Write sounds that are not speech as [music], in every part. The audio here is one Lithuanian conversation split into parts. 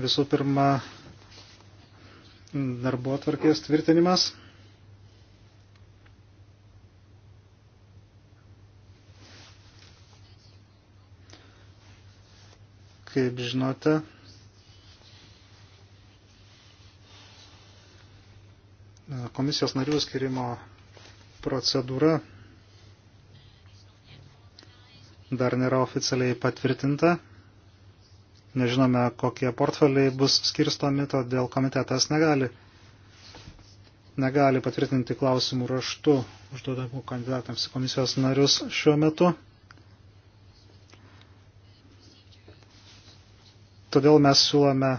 Visų pirma, darbo atvarkės tvirtinimas. Kaip žinote, komisijos narių skirimo procedūra dar nėra oficialiai patvirtinta nežinome, kokie portfeliai bus skirstomi, todėl komitetas negali, negali patvirtinti klausimų raštu užduodamų kandidatams į komisijos narius šiuo metu. Todėl mes siūlome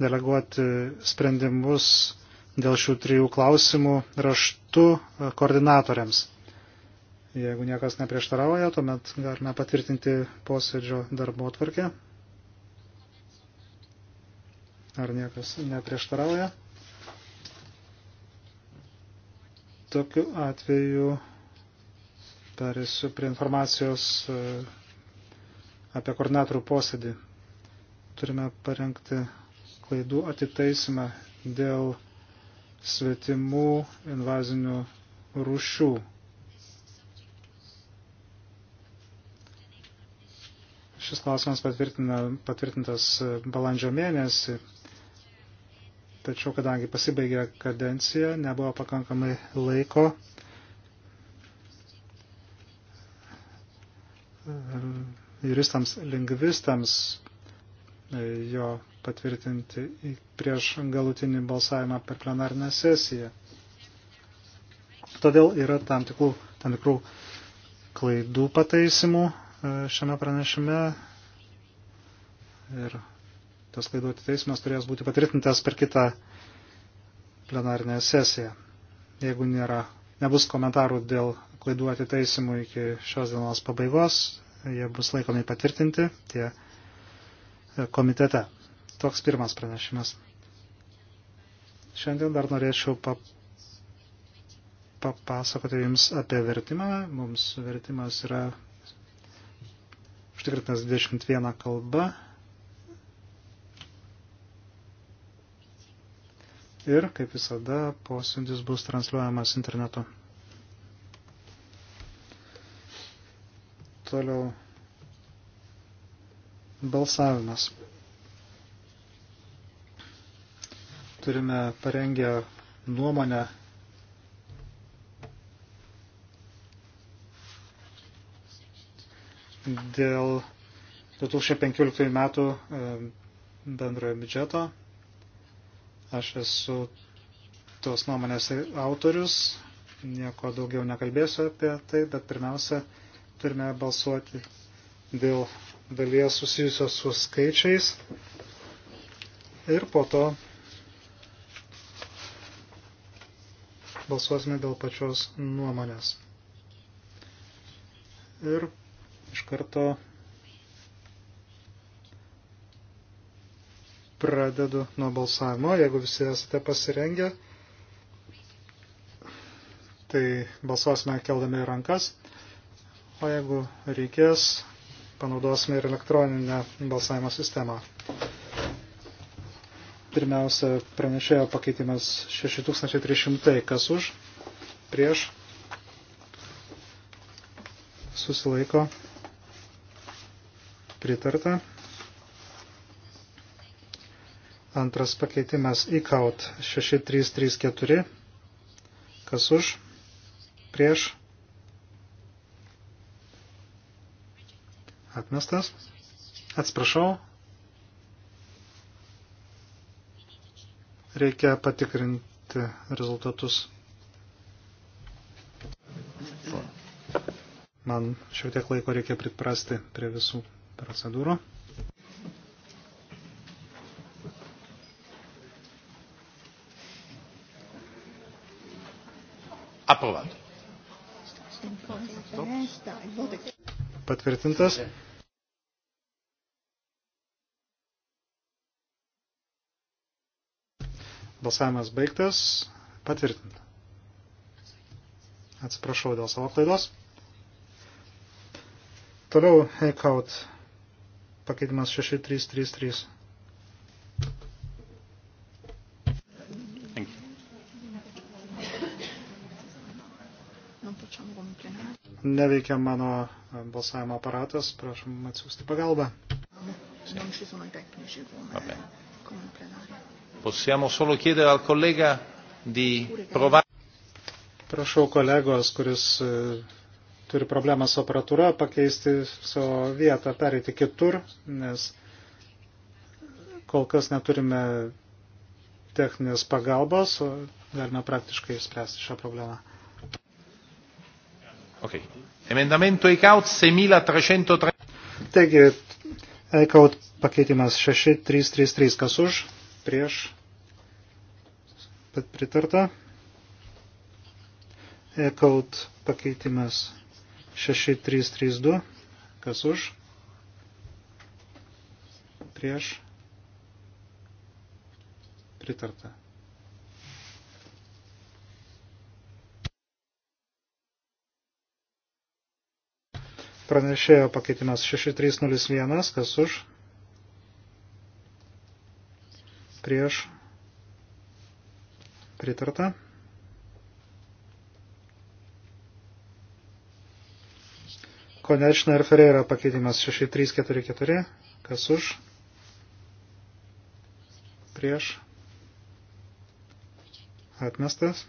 deleguoti sprendimus dėl šių trijų klausimų raštu koordinatoriams. Jeigu niekas neprieštarauja, tuomet galime patvirtinti posėdžio darbo atvarkę. Ar niekas neprieštarauja? Tokiu atveju perėsiu prie informacijos e, apie koordinatorių posėdį. Turime parengti klaidų atitaisimą dėl svetimų invazinių rūšių. Šis klausimas patvirtintas balandžio mėnesį tačiau kadangi pasibaigė kadencija, nebuvo pakankamai laiko juristams, lingvistams e, jo patvirtinti prieš galutinį balsavimą per plenarinę sesiją. Todėl yra tam tikrų, tam tikrų klaidų pataisimų e, šiame pranešime ir tas klaidų atitaisimas turės būti patvirtintas per kitą plenarinę sesiją. Jeigu nėra, nebus komentarų dėl klaidų atitaisimų iki šios dienos pabaigos, jie bus laikomi patvirtinti tie e, komitete. Toks pirmas pranešimas. Šiandien dar norėčiau pap papasakoti Jums apie vertimą. Mums vertimas yra užtikrintas 21 kalba. ir, kaip visada, posėdis bus transliuojamas internetu. Toliau balsavimas. Turime parengę nuomonę dėl 2015 metų e, bendrojo biudžeto Aš esu tos nuomonės autorius, nieko daugiau nekalbėsiu apie tai, bet pirmiausia, turime balsuoti dėl dalies susijusios su skaičiais ir po to balsuosime dėl pačios nuomonės. Ir iš karto pradedu nuo balsavimo, jeigu visi esate pasirengę, tai balsuosime keldami rankas, o jeigu reikės, panaudosime ir elektroninę balsavimo sistemą. Pirmiausia, pranešėjo pakeitimas 6300, kas už, prieš, susilaiko, pritarta. Antras pakeitimas įkaut 6334. Kas už? Prieš? Atmestas. Atsiprašau. Reikia patikrinti rezultatus. Man šiek tiek laiko reikia priprasti prie visų procedūrų. patvirtintas. Balsavimas baigtas, patvirtinta. Atsiprašau dėl savo klaidos. Toliau Heikaut pakeitimas 6333. Neveikia mano balsavimo aparatas, prašom atsiųsti pagalbą. Possiamo solo chiedere al collega di provare. Prašau kolegos, kuris e, turi problemą su aparatūra, pakeisti savo vietą, pereiti kitur, nes kol kas neturime techninės pagalbos, galime praktiškai išspręsti šią problemą. Ok. Emendamento ECAUT 6330. Taigi, ECAUT pakeitimas 6333, kas už, prieš, pritarta. ECAUT pakeitimas 6332, kas už, prieš, pritarta. Pranešėjo pakeitimas 6301, kas už, prieš, pritarta. Konečna ir Ferreira pakeitimas 6344. Kas už? Prieš. Atmestas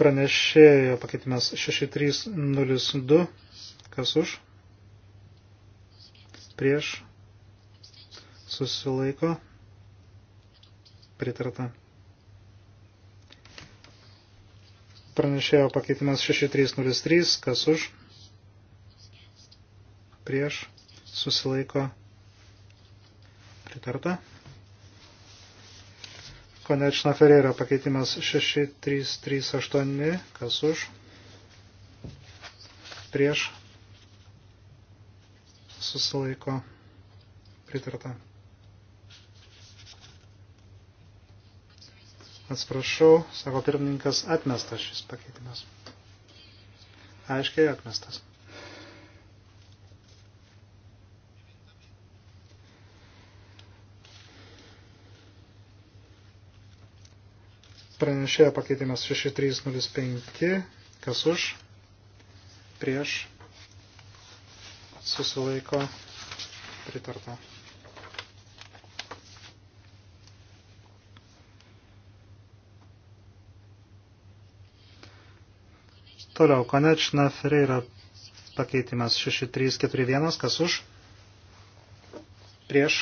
pranešėjo pakeitimas 6302. Kas už? Prieš. Susilaiko. Pritarta. Pranešėjo pakeitimas 6303. Kas už? Prieš. Susilaiko. Pritarta. Konečna Ferreira pakeitimas 6338. Kas už? Prieš. Susilaiko. Pritarta. Atsiprašau, sako pirmininkas, atmestas šis pakeitimas. Aiškiai atmestas. Pranešėjo pakeitimas 6305. Kas už? Prieš. Susilaiko. Pritarta. Toliau, Konečna Ferreira pakeitimas 6341, kas už? Prieš.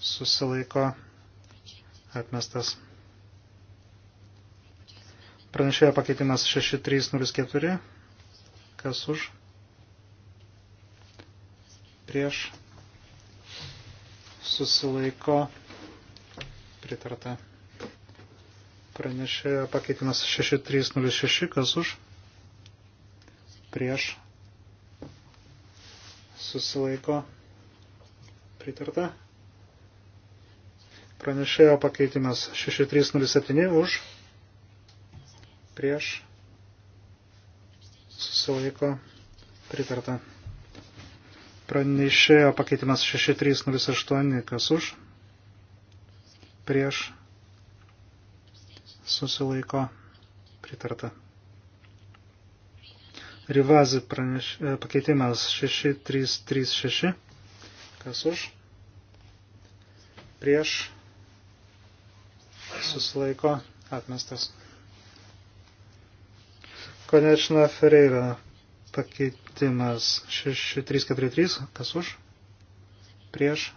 Susilaiko. Atmestas. Pranešėjo pakeitimas 6304. Kas už? Prieš. Susilaiko. Pritarta. Pranešėjo pakeitimas 6306. Kas už? Prieš. Susilaiko. Pritarta. Pranešėjo pakeitimas 6307 už prieš susilaiko pritarta. Pranešėjo pakeitimas 6308, kas už, prieš susilaiko pritarta. Rivazi praneš, e, pakeitimas 6336, kas už, prieš susilaiko atmestas. Konečna Ferreira pakeitimas 6343, kas už, prieš,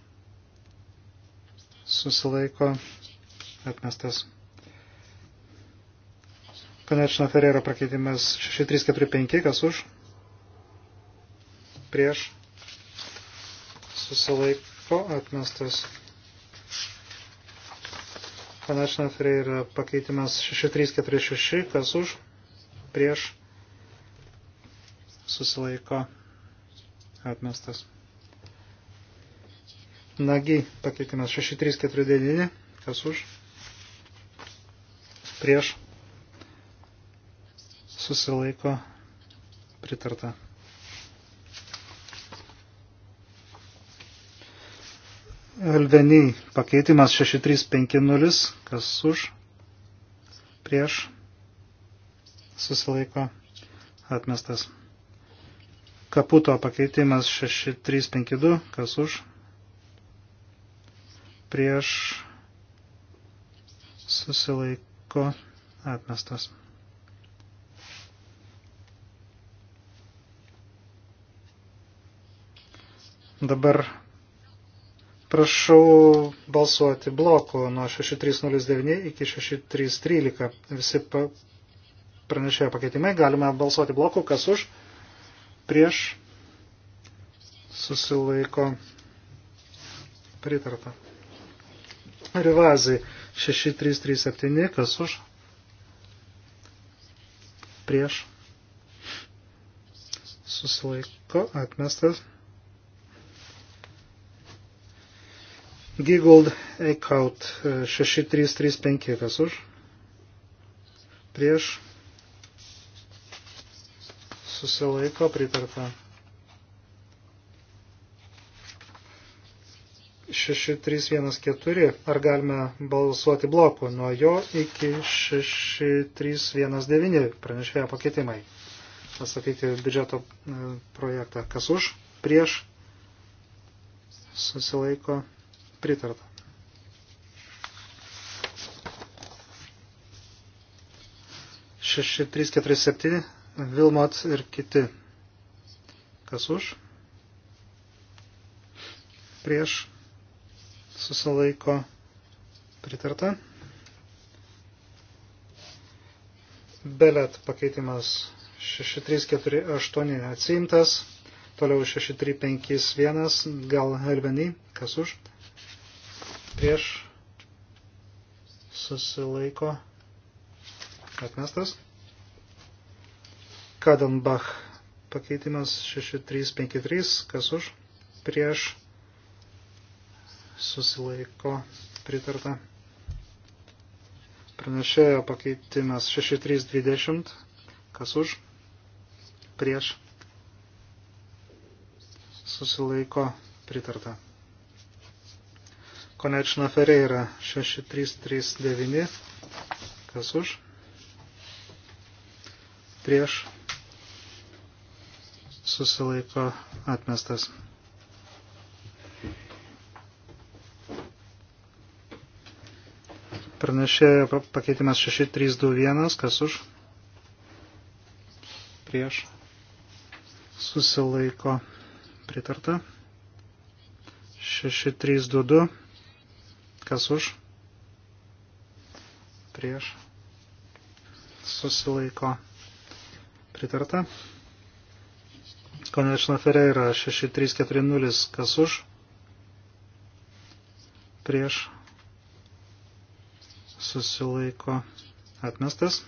susilaiko, atmestas. Konečna Ferreira pakeitimas 6345, kas už, prieš, susilaiko, atmestas. Konečna Ferreira pakeitimas 6346, kas už, prieš susilaiko atmestas. Nagi pakeitimas 6349, kas už, prieš susilaiko pritarta. Elveniai pakeitimas 6350, kas už, prieš susilaiko atmestas. Kaputo pakeitimas 6352, kas už, prieš susilaiko atmestas. Dabar prašau balsuoti bloku nuo 6309 iki 6313. Visi pranešėjo pakeitimai. Galime balsuoti blokų, kas už, prieš, susilaiko, pritarta. Rivazai 6337, kas už, prieš, susilaiko, atmestas. Giggled Echout 6335, kas už, prieš, susilaiko pritarta. 6314. Ar galime balsuoti bloku nuo jo iki 6319 pranešėjo pakeitimai? Pasakyti biudžeto e, projektą. Kas už? Prieš? Susilaiko pritarta. Šeši, trys, keturi, septyni. Vilmots ir kiti. Kas už? Prieš susilaiko pritarta. Belet pakeitimas 6348 atsiimtas. Toliau 6351 gal Helveny. Kas už? Prieš susilaiko atmestas. Kadenbach pakeitimas 6353, kas už, prieš, susilaiko, pritarta. Pranešėjo pakeitimas 6320, kas už, prieš, susilaiko, pritarta. Konečna Ferreira 6339, kas už, prieš, susilaiko atmestas. Pranešėjo pakeitimas 6321, kas už? Prieš. Susilaiko pritarta. 6322, kas už? Prieš. Susilaiko pritarta. Konečna Ferreira 6340, kas už? Prieš susilaiko atmestas.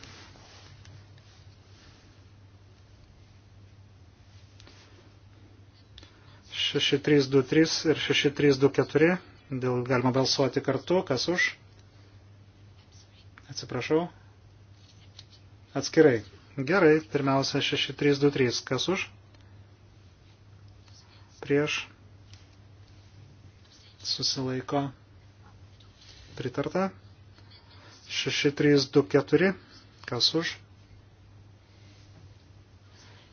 Šeši trys du trys ir šeši trys du keturi. Dėl galima balsuoti kartu, kas už. Atsiprašau. Atskirai. Gerai, pirmiausia 6323, kas už? prieš, susilaiko, pritarta. 6324, kas už,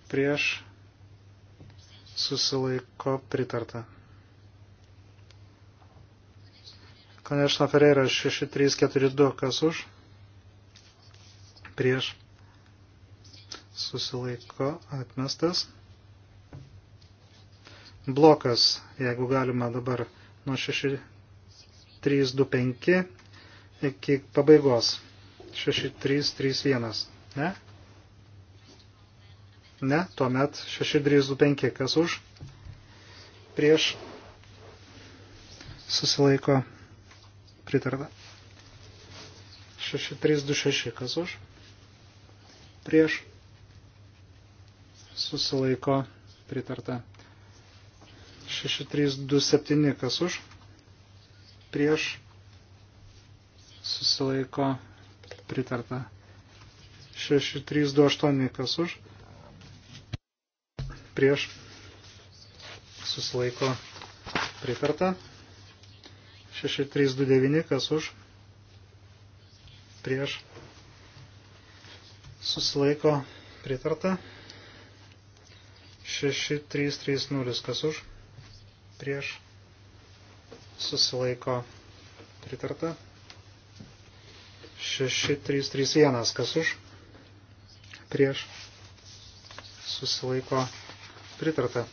prieš, susilaiko, pritarta. Konečna Ferreira 6342, kas už, prieš, susilaiko, atmestas blokas, jeigu galima dabar nuo 6325 iki pabaigos. 6331. Ne? Ne, tuomet 6325. Kas už? Prieš susilaiko pritarda. 6326. Kas už? Prieš susilaiko pritarta. 6327, kas už, prieš, susilaiko, pritarta. 6328, kas už, prieš, susilaiko, pritarta. 6329, kas už, prieš, susilaiko, pritarta. 6330, kas už, prieš prieš susilaiko pritarta. 6331 kas už prieš susilaiko pritarta.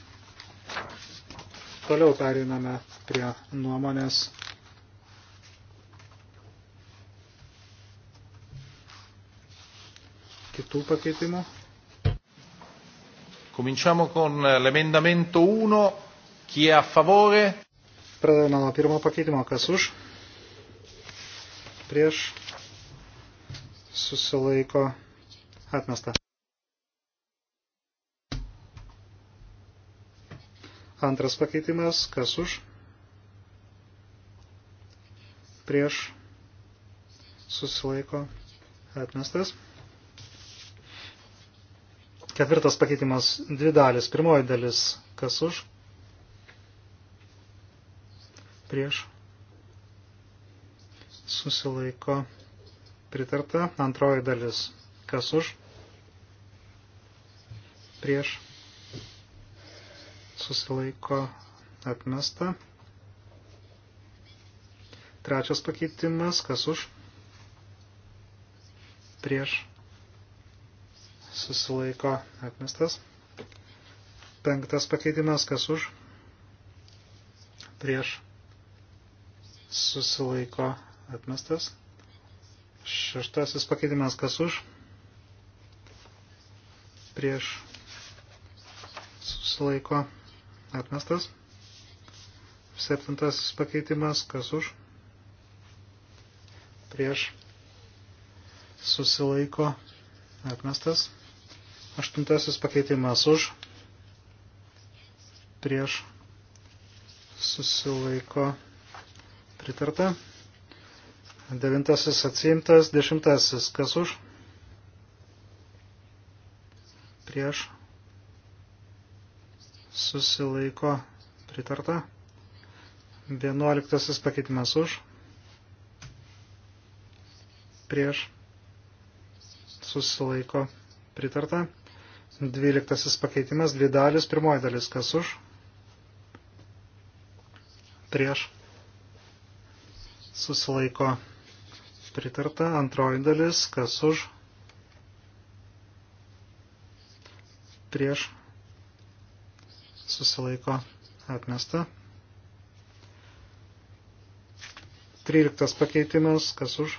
Toliau periname prie nuomonės. Kitų pakeitimų. Cominciamo con l'emendamento 1 Chi è a favore? Pradedame nuo pirmo pakeitimo. Kas už? Prieš. Susilaiko. Atmesta. Antras pakeitimas. Kas už? Prieš. Susilaiko. Atmestas. Ketvirtas pakeitimas. Dvi dalis. Pirmoji dalis. Kas už? prieš susilaiko pritarta. Antroji dalis kas už prieš susilaiko atmesta. Trečias pakeitimas, kas už, prieš, susilaiko atmestas. Penktas pakeitimas, kas už, prieš, susilaiko atmestas. Šeštasis pakeitimas kas už, prieš susilaiko atmestas. Septintasis pakeitimas kas už, prieš susilaiko atmestas. Aštuntasis pakeitimas už, prieš susilaiko atmestas pritarta. Devintasis atsiimtas, dešimtasis kas už? Prieš susilaiko pritarta. Vienuoliktasis pakeitimas už. Prieš susilaiko pritarta. Dvyliktasis pakeitimas, dvi dalis, pirmoji dalis kas už. Prieš susilaiko pritarta. Antroji dalis, kas už, prieš, susilaiko atmesta. Tryliktas pakeitimas, kas už,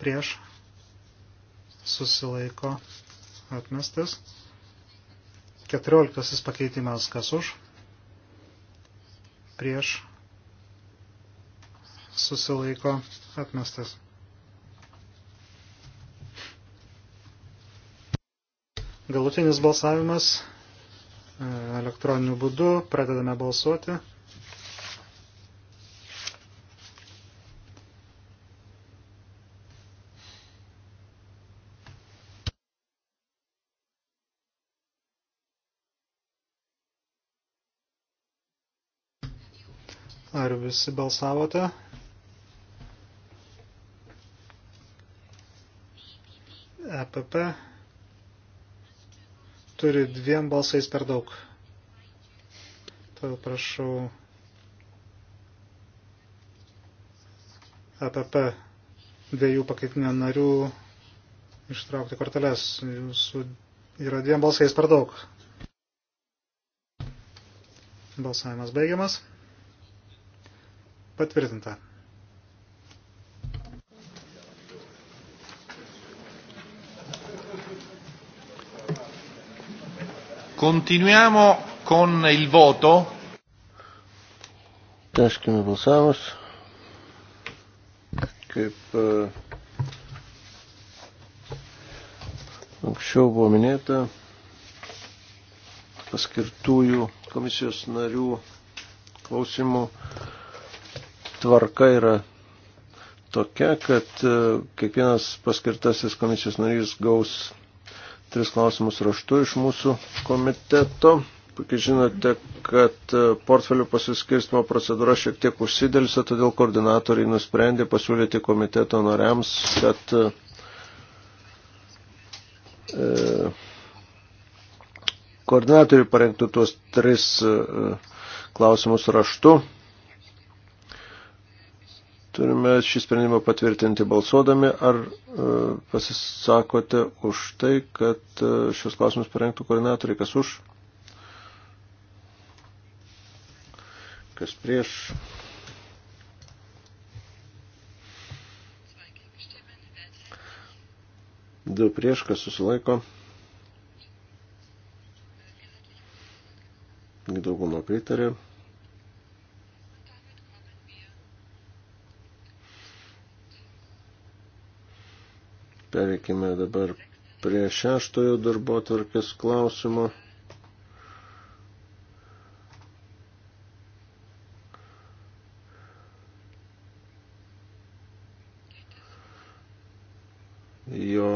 prieš, susilaiko atmestas. Keturioliktasis pakeitimas, kas už, prieš, susilaiko atmestas. Galutinis balsavimas e, elektroniniu būdu. Pradedame balsuoti. Ar visi balsavote? EPP turi dviem balsais per daug. Todėl prašau EPP dviejų pakaitinio narių ištraukti korteles. Jūsų yra dviem balsais per daug. Balsavimas baigiamas. Patvirtinta. Continuiamo con il voto. Tęskime balsavimus. Kaip anksčiau buvo minėta, paskirtųjų komisijos narių klausimų tvarka yra tokia, kad kiekvienas paskirtasis komisijos narys gaus tris klausimus raštu iš mūsų komiteto. Puikiai žinote, kad e, portfelių pasiskirstimo procedūra šiek tiek užsidėlsa, todėl koordinatoriai nusprendė pasiūlyti komiteto noriams, kad e, e, koordinatoriai parengtų tuos tris e, klausimus raštu. Turime šį sprendimą patvirtinti balsuodami. Ar e, pasisakote už tai, kad e, šios klausimus parengtų koordinatoriai? Kas už? Kas prieš? Du prieš, kas susilaiko. Dauguma pritarė. Pereikime dabar prie šeštojo darbo tvarkės klausimo. Jo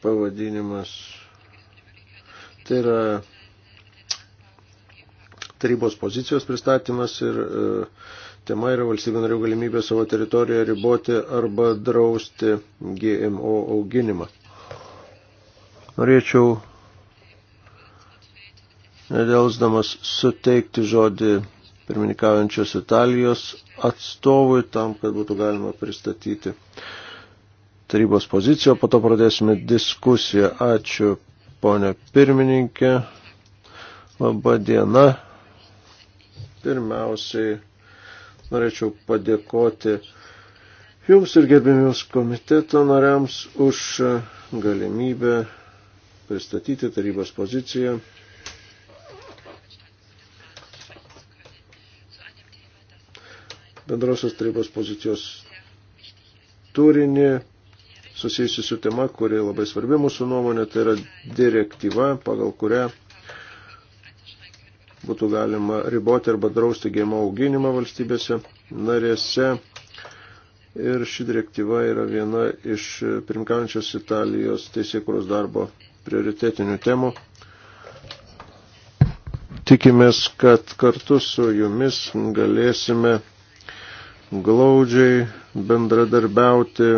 pavadinimas tai yra tarybos pozicijos pristatymas ir uh, tema yra valstybė narių galimybė savo teritorijoje riboti arba drausti GMO auginimą. Norėčiau nedelsdamas suteikti žodį pirmininkaujančios Italijos atstovui tam, kad būtų galima pristatyti tarybos poziciją, po to pradėsime diskusiją. Ačiū, ponė pirmininkė. Labą dieną. Pirmiausiai Norėčiau padėkoti Jums ir gerbėmiams komiteto nariams už galimybę pristatyti tarybos poziciją. Bendrosios tarybos pozicijos turinį susijusi su tema, kuri labai svarbi mūsų nuomonė, tai yra direktyva, pagal kurią būtų galima riboti arba drausti GMO auginimą valstybėse narėse. Ir ši direktyva yra viena iš pirmkaujančios Italijos teisėkuros darbo prioritetinių temų. Tikimės, kad kartu su jumis galėsime glaudžiai bendradarbiauti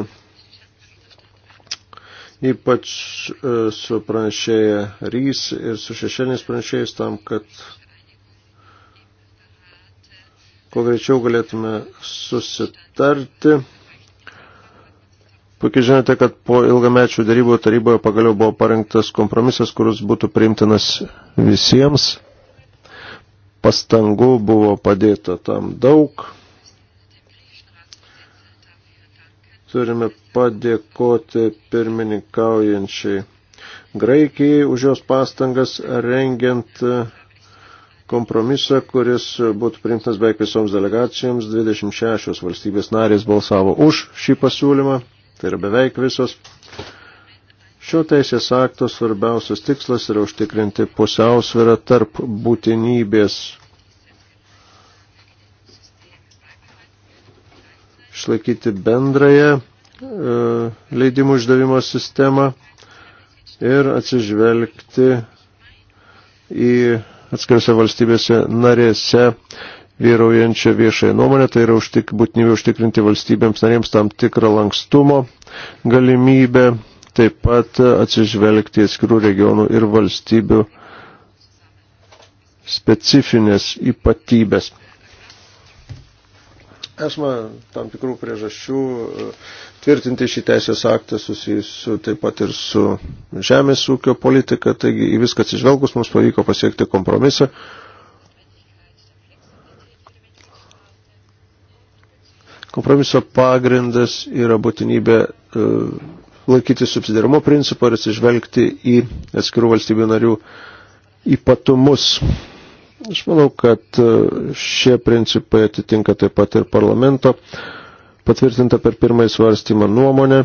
ypač e, su pranešėja Rys ir su šešėliniais pranešėjais tam, kad kuo greičiau galėtume susitarti. Puikiai žinote, kad po ilgamečių darybų taryboje pagaliau buvo parengtas kompromisas, kuris būtų priimtinas visiems. Pastangų buvo padėta tam daug. Turime padėkoti pirmininkaujančiai Graikijai už jos pastangas rengiant kompromisą, kuris būtų priimtas beveik visoms delegacijoms. 26 valstybės narės balsavo už šį pasiūlymą, tai yra beveik visos. Šio teisės akto svarbiausias tikslas yra užtikrinti pusiausvyrą tarp būtinybės išlaikyti bendrąją e, leidimų išdavimo sistemą ir atsižvelgti į atskirose valstybėse narėse vyraujančią viešąją nuomonę, tai yra užtik, būtinybė užtikrinti valstybėms narėms tam tikrą lankstumo galimybę, taip pat atsižvelgti atskirų regionų ir valstybių specifinės ypatybės. Esma tam tikrų priežasčių tvirtinti šį teisės aktą susijusiu taip pat ir su žemės ūkio politika, taigi į viską atsižvelgus mums pavyko pasiekti kompromisą. Kompromiso pagrindas yra būtinybė e, laikyti subsidiarumo principą ir atsižvelgti į atskirų valstybių narių ypatumus. Aš manau, kad e, šie principai atitinka taip pat ir parlamento uh, patvirtinta per pirmąjį svarstymą nuomonę.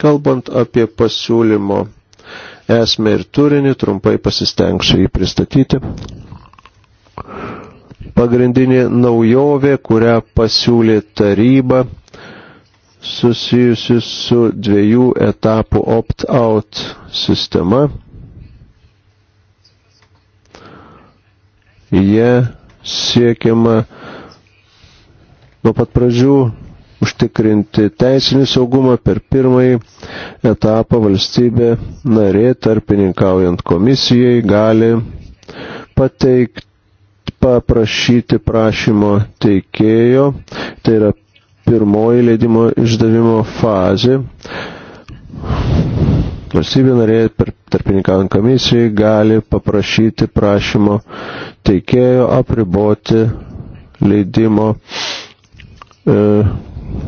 Kalbant apie pasiūlymo esmę ir turinį, trumpai pasistengsiu jį pristatyti. Pagrindinė naujovė, kurią pasiūlė taryba, susijusi su dviejų etapų opt-out sistema. Jie siekiama nuo pat pradžių užtikrinti teisinį saugumą per pirmąjį etapą valstybė narė tarpininkaujant komisijai gali pateikti, paprašyti prašymo teikėjo, tai yra pirmoji leidimo išdavimo fazė. Valstybė narė per tarpininkaujant komisijai gali paprašyti prašymo teikėjo apriboti leidimo E,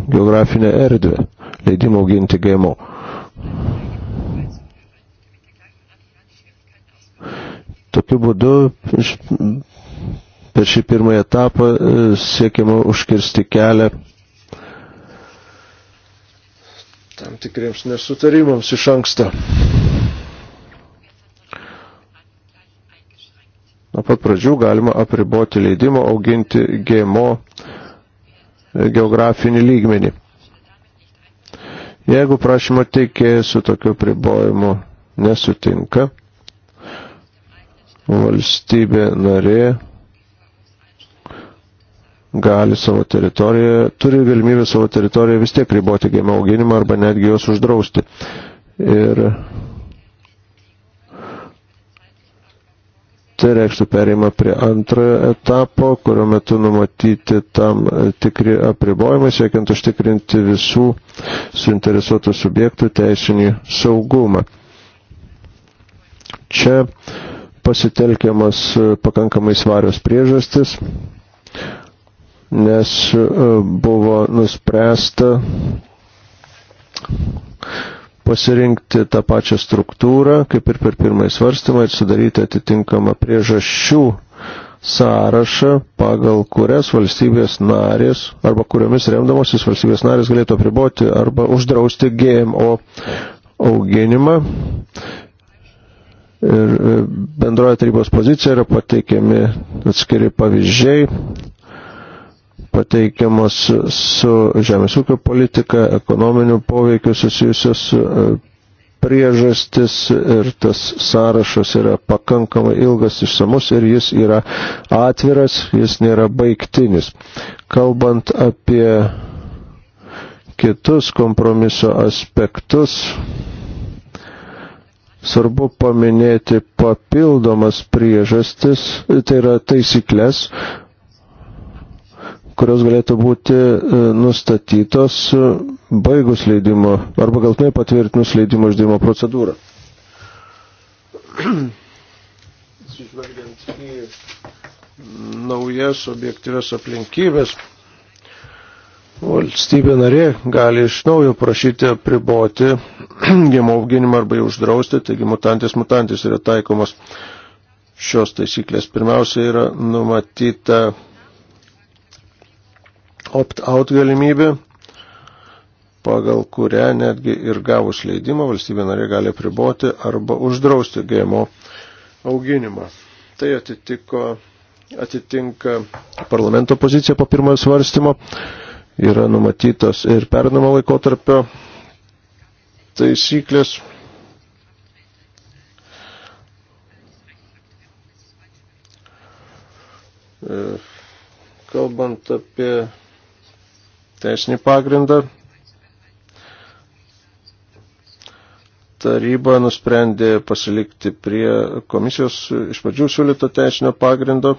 geografinę erdvę leidimo auginti GMO. Tokiu būdu per šį pirmąją etapą e, siekiama užkirsti kelią tam tikriems nesutarimams iš anksto. Nuo pat pradžių galima apriboti leidimo auginti GMO geografinį lygmenį. Jeigu prašymo teikėjas su tokiu pribojimu nesutinka, valstybė narė gali savo teritoriją, turi galimybę savo teritoriją vis tiek riboti gėmio auginimą arba netgi juos uždrausti. Ir Tai reikštų perėjimą prie antrojo etapo, kurio metu numatyti tam e, tikri apribojimai, siekiant užtikrinti visų suinteresuotų subjektų teisinį saugumą. Čia pasitelkiamas e, pakankamai svarios priežastis, nes e, buvo nuspręsta pasirinkti tą pačią struktūrą, kaip ir per pirmąjį svarstymą, ir sudaryti atitinkamą priežasčių sąrašą, pagal kurias valstybės narės arba kuriomis remdamosis valstybės narės galėtų apriboti arba uždrausti GMO auginimą. Ir e, bendroje tarybos pozicija yra pateikiami atskiri pavyzdžiai, pateikiamos su žemės ūkio politika, ekonominių poveikių susijusios e, priežastis ir tas sąrašas yra pakankamai ilgas išsamus ir jis yra atviras, jis nėra baigtinis. Kalbant apie kitus kompromiso aspektus, svarbu paminėti papildomas priežastis, tai yra taisyklės, kurios galėtų būti e, nustatytos e, baigus leidimo arba galtinai patvirtinus leidimo išdėjimo procedūrą. Atsižvelgiant į naujas objektyves aplinkybės, valstybė narė gali iš naujo prašyti apriboti [clears throat] gimų auginimą arba jį uždrausti, taigi mutantis mutantis yra taikomas šios taisyklės. Pirmiausia yra numatyta opt-out galimybė, pagal kurią netgi ir gavus leidimą valstybė narė gali priboti arba uždrausti GMO auginimą. Tai atitiko, atitinka parlamento pozicija po pirmojo svarstymo, yra numatytos ir pernamo laikotarpio taisyklės. E, kalbant apie teisinį pagrindą. Taryba nusprendė pasilikti prie komisijos iš pradžių siūlyto teisinio pagrindo.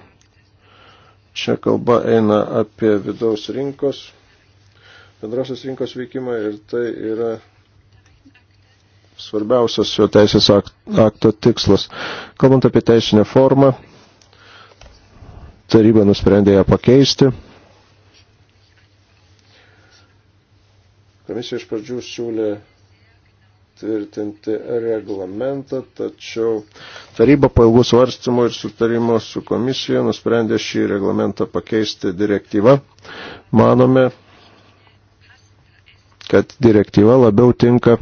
Čia kalba eina apie vidaus rinkos, bendrosios rinkos veikimą ir tai yra svarbiausias šio teisės akto tikslas. Kalbant apie teisinę formą, taryba nusprendė ją pakeisti. Komisija iš pradžių siūlė tvirtinti reglamentą, tačiau taryba po ilgų svarstymų ir sutarimo su komisija nusprendė šį reglamentą pakeisti direktyvą. Manome, kad direktyva labiau tinka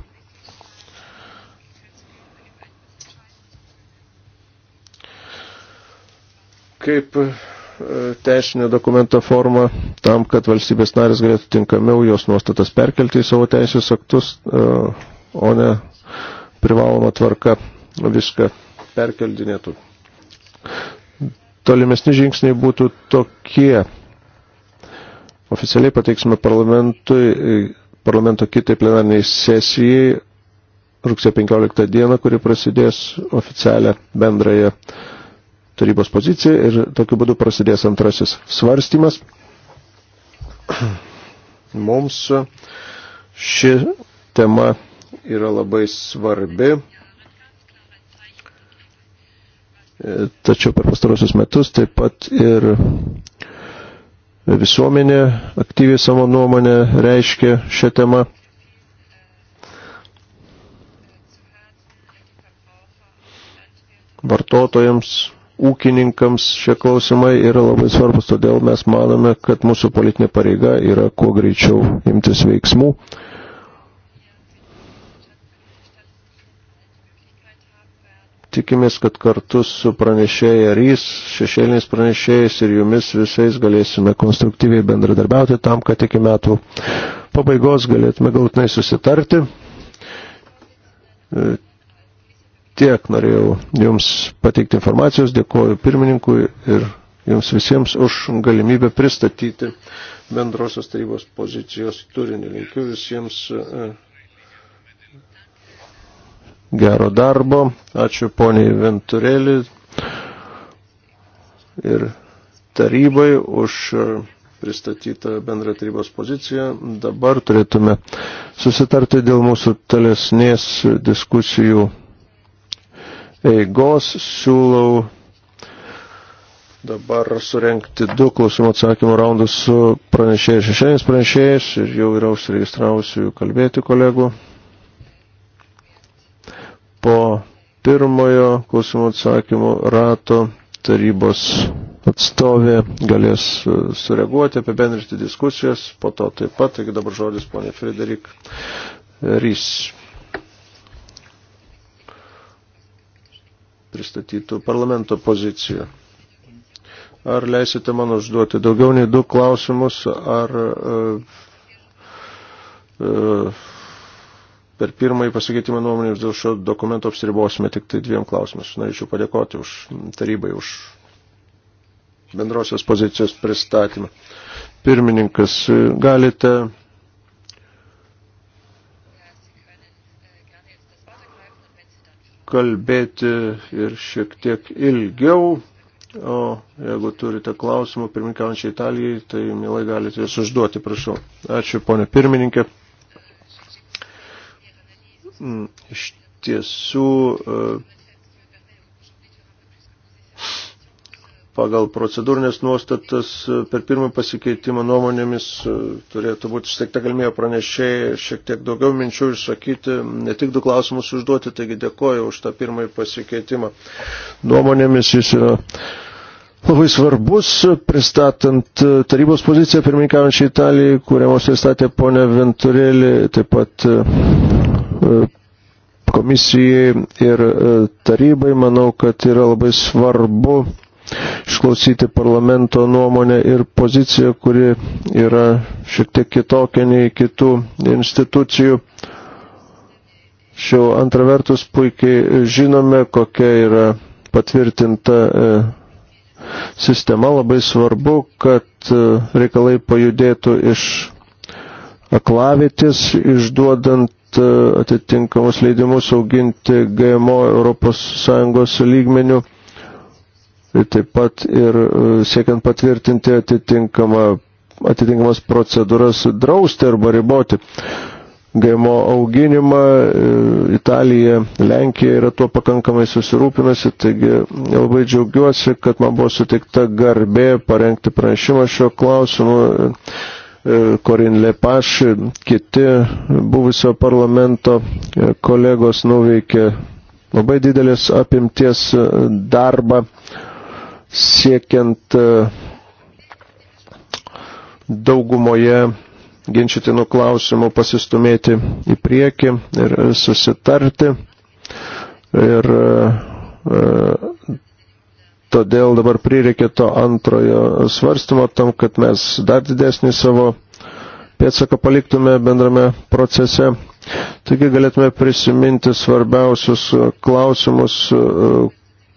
kaip teisinio dokumento formą tam, kad valstybės narės galėtų tinkamiau jos nuostatas perkelti į savo teisės aktus, o ne privaloma tvarka viską perkeldinėtų. Tolimesni žingsniai būtų tokie. Oficialiai pateiksime parlamentui, parlamento kitai plenarniai sesijai rugsėjo 15 dieną, kuri prasidės oficialią bendrąją tarybos poziciją ir tokiu būdu prasidės antrasis svarstymas. [clears throat] Mums ši tema yra labai svarbi. Tačiau per pastarosius metus taip pat ir visuomenė aktyviai savo nuomonę reiškia šią temą. vartotojams ūkininkams šie klausimai yra labai svarbus, todėl mes manome, kad mūsų politinė pareiga yra kuo greičiau imtis veiksmų. Tikimės, kad kartu su pranešėja RIS, šešėliniais pranešėjais ir jumis visais galėsime konstruktyviai bendradarbiauti tam, kad iki metų pabaigos galėtume galutinai susitarti tiek norėjau Jums pateikti informacijos, dėkoju pirmininkui ir Jums visiems už galimybę pristatyti bendrosios tarybos pozicijos turinį. Linkiu visiems e, gero darbo. Ačiū poniai Venturėlį ir tarybai už pristatytą bendrą tarybos poziciją. Dabar turėtume susitarti dėl mūsų tolesnės diskusijų eigos siūlau dabar surenkti du klausimų atsakymų raundus su pranešėjais šešėjais pranešėjais ir jau yra užsiregistravusių kalbėti kolegų. Po pirmojo klausimų atsakymų rato tarybos atstovė galės e, sureaguoti, apibendrinti diskusijas, po to taip pat, taigi dabar žodis ponė Frederik Rys. pristatytų parlamento poziciją. Ar leisite man užduoti daugiau nei du klausimus, ar uh, uh, per pirmąjį pasikeitimą nuomonės dėl šio dokumento apsiribosime tik tai dviem klausimus. Norėčiau padėkoti už tarybai, už bendrosios pozicijos pristatymą. Pirmininkas, galite kalbėti ir šiek tiek ilgiau. O jeigu turite klausimų pirmininkaujančiai Italijai, tai mielai galite juos užduoti, prašau. Ačiū, ponė pirmininkė. Mm, iš tiesų e, pagal procedūrinės nuostatas e, per pirmą pasikeitimą nuomonėmis e, turėtų būti suteikta galimybė pranešėjai šiek tiek daugiau minčių išsakyti, ne tik du klausimus užduoti, taigi dėkoju už tą pirmąjį pasikeitimą nuomonėmis. Jis yra labai svarbus, pristatant e, tarybos poziciją pirmininkaujančiai Italijai, kurią mūsų įstatė ponė Venturėlį, taip pat komisijai ir tarybai, manau, kad yra labai svarbu išklausyti parlamento nuomonę ir poziciją, kuri yra šiek tiek kitokia nei kitų institucijų. Šiau antra vertus puikiai žinome, kokia yra patvirtinta e, sistema. Labai svarbu, kad e, reikalai pajudėtų iš aklavitės, išduodant e, atitinkamus leidimus auginti GMO ES lygmenių taip pat ir e, siekiant patvirtinti atitinkamą, atitinkamas procedūras drausti arba riboti. GMO auginimą e, Italija, Lenkija yra tuo pakankamai susirūpinusi, taigi labai džiaugiuosi, kad man buvo suteikta garbė parengti pranešimą šio klausimu. Korin e, Lepaš, kiti buvusio parlamento kolegos nuveikė labai didelės apimties darbą siekiant e, daugumoje ginčytinų klausimų pasistumėti į priekį ir susitarti. Ir e, todėl dabar prireikė to antrojo svarstymo tam, kad mes dar didesnį savo pėtsaką paliktume bendrame procese. Taigi galėtume prisiminti svarbiausius klausimus, e,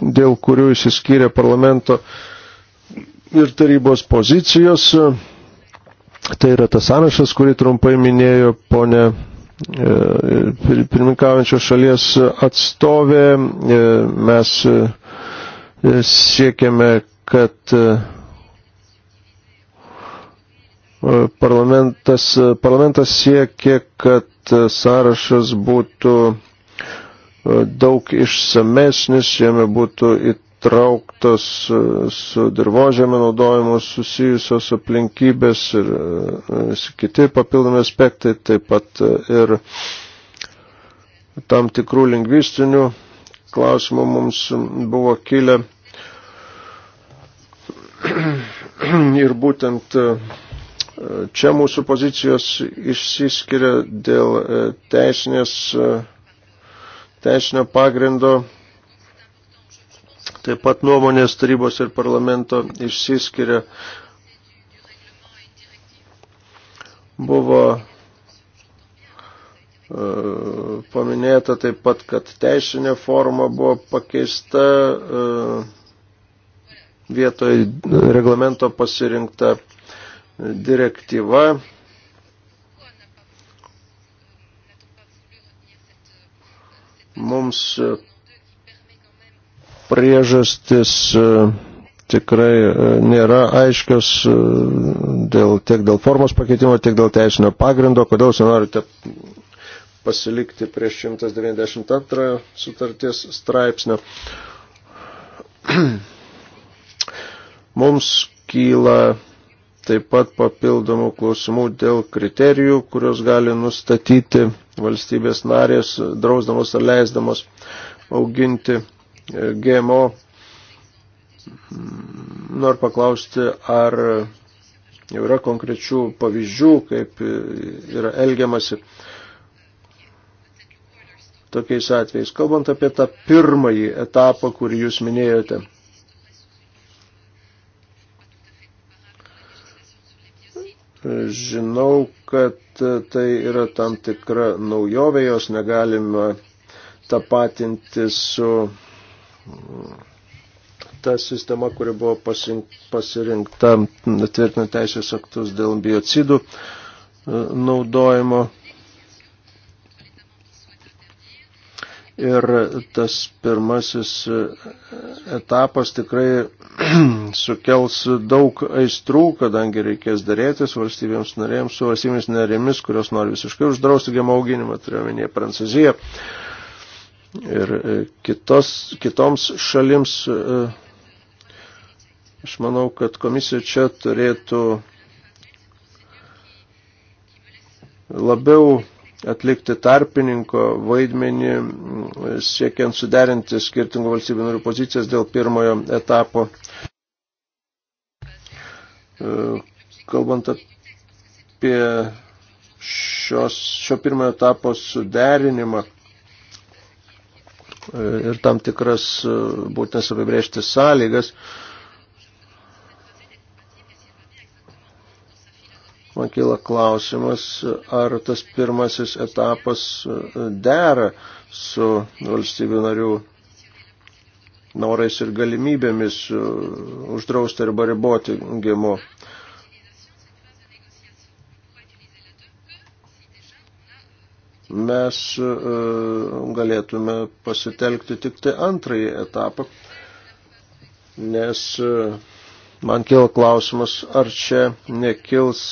dėl kurių įsiskyrė parlamento ir tarybos pozicijos. Tai yra tas sąrašas, kurį trumpai minėjo ponė e, pirmininkaujančios šalies atstovė. E, mes e, siekiame, kad parlamentas, parlamentas siekia, kad sąrašas būtų daug išsamesnis, jame būtų įtrauktos e, su dirbožėme naudojimu susijusios aplinkybės ir e, kiti papildomi aspektai, taip pat e, ir tam tikrų lingvistinių klausimų mums buvo kilę. [clears throat] Ir būtent čia mūsų pozicijos išsiskiria dėl teisinės teisinio pagrindo. Taip pat nuomonės tarybos ir parlamento išsiskiria. Buvo e, paminėta taip pat, kad teisinė forma buvo pakeista e, vietoj reglamento pasirinkta direktyva. mums e, priežastis e, tikrai e, nėra aiškios dėl, tiek dėl formos pakeitimo, tiek dėl teisinio pagrindo, kodėl jūs norite pasilikti prie 192 sutarties straipsnio. [clears throat] Mums kyla taip pat papildomų klausimų dėl kriterijų, kurios gali nustatyti valstybės narės drausdamos ar leisdamos auginti e, GMO. Noriu paklausti, ar jau yra konkrečių pavyzdžių, kaip yra elgiamasi tokiais atvejais. Kalbant apie tą pirmąjį etapą, kurį jūs minėjote – Žinau, kad tai yra tam tikra naujovė, jos negalima tapatinti su ta sistema, kuri buvo pasirinkta tvirtinant teisės aktus dėl biocidų e, naudojimo. Ir tas pirmasis e, etapas tikrai [clears throat] sukels daug aistrų, kadangi reikės darėtis valstybėms narėms su valstybėms narėmis, kurios nori visiškai uždrausti gemo auginimą, turiuomenėje Prancūziją ir e, kitos, kitoms šalims. E, aš manau, kad komisija čia turėtų labiau atlikti tarpininko vaidmenį, siekiant suderinti skirtingų valstybių narių pozicijas dėl pirmojo etapo. E, kalbant apie šios, šio pirmojo etapo suderinimą e, ir tam tikras e, būtinas apibrėžti sąlygas, man kyla klausimas, ar tas pirmasis etapas e, dera su valstybių narių norais ir galimybėmis e, uždrausti arba riboti gimo. Mes e, galėtume pasitelkti tik tai antrąjį etapą, nes man kilo klausimas, ar čia nekils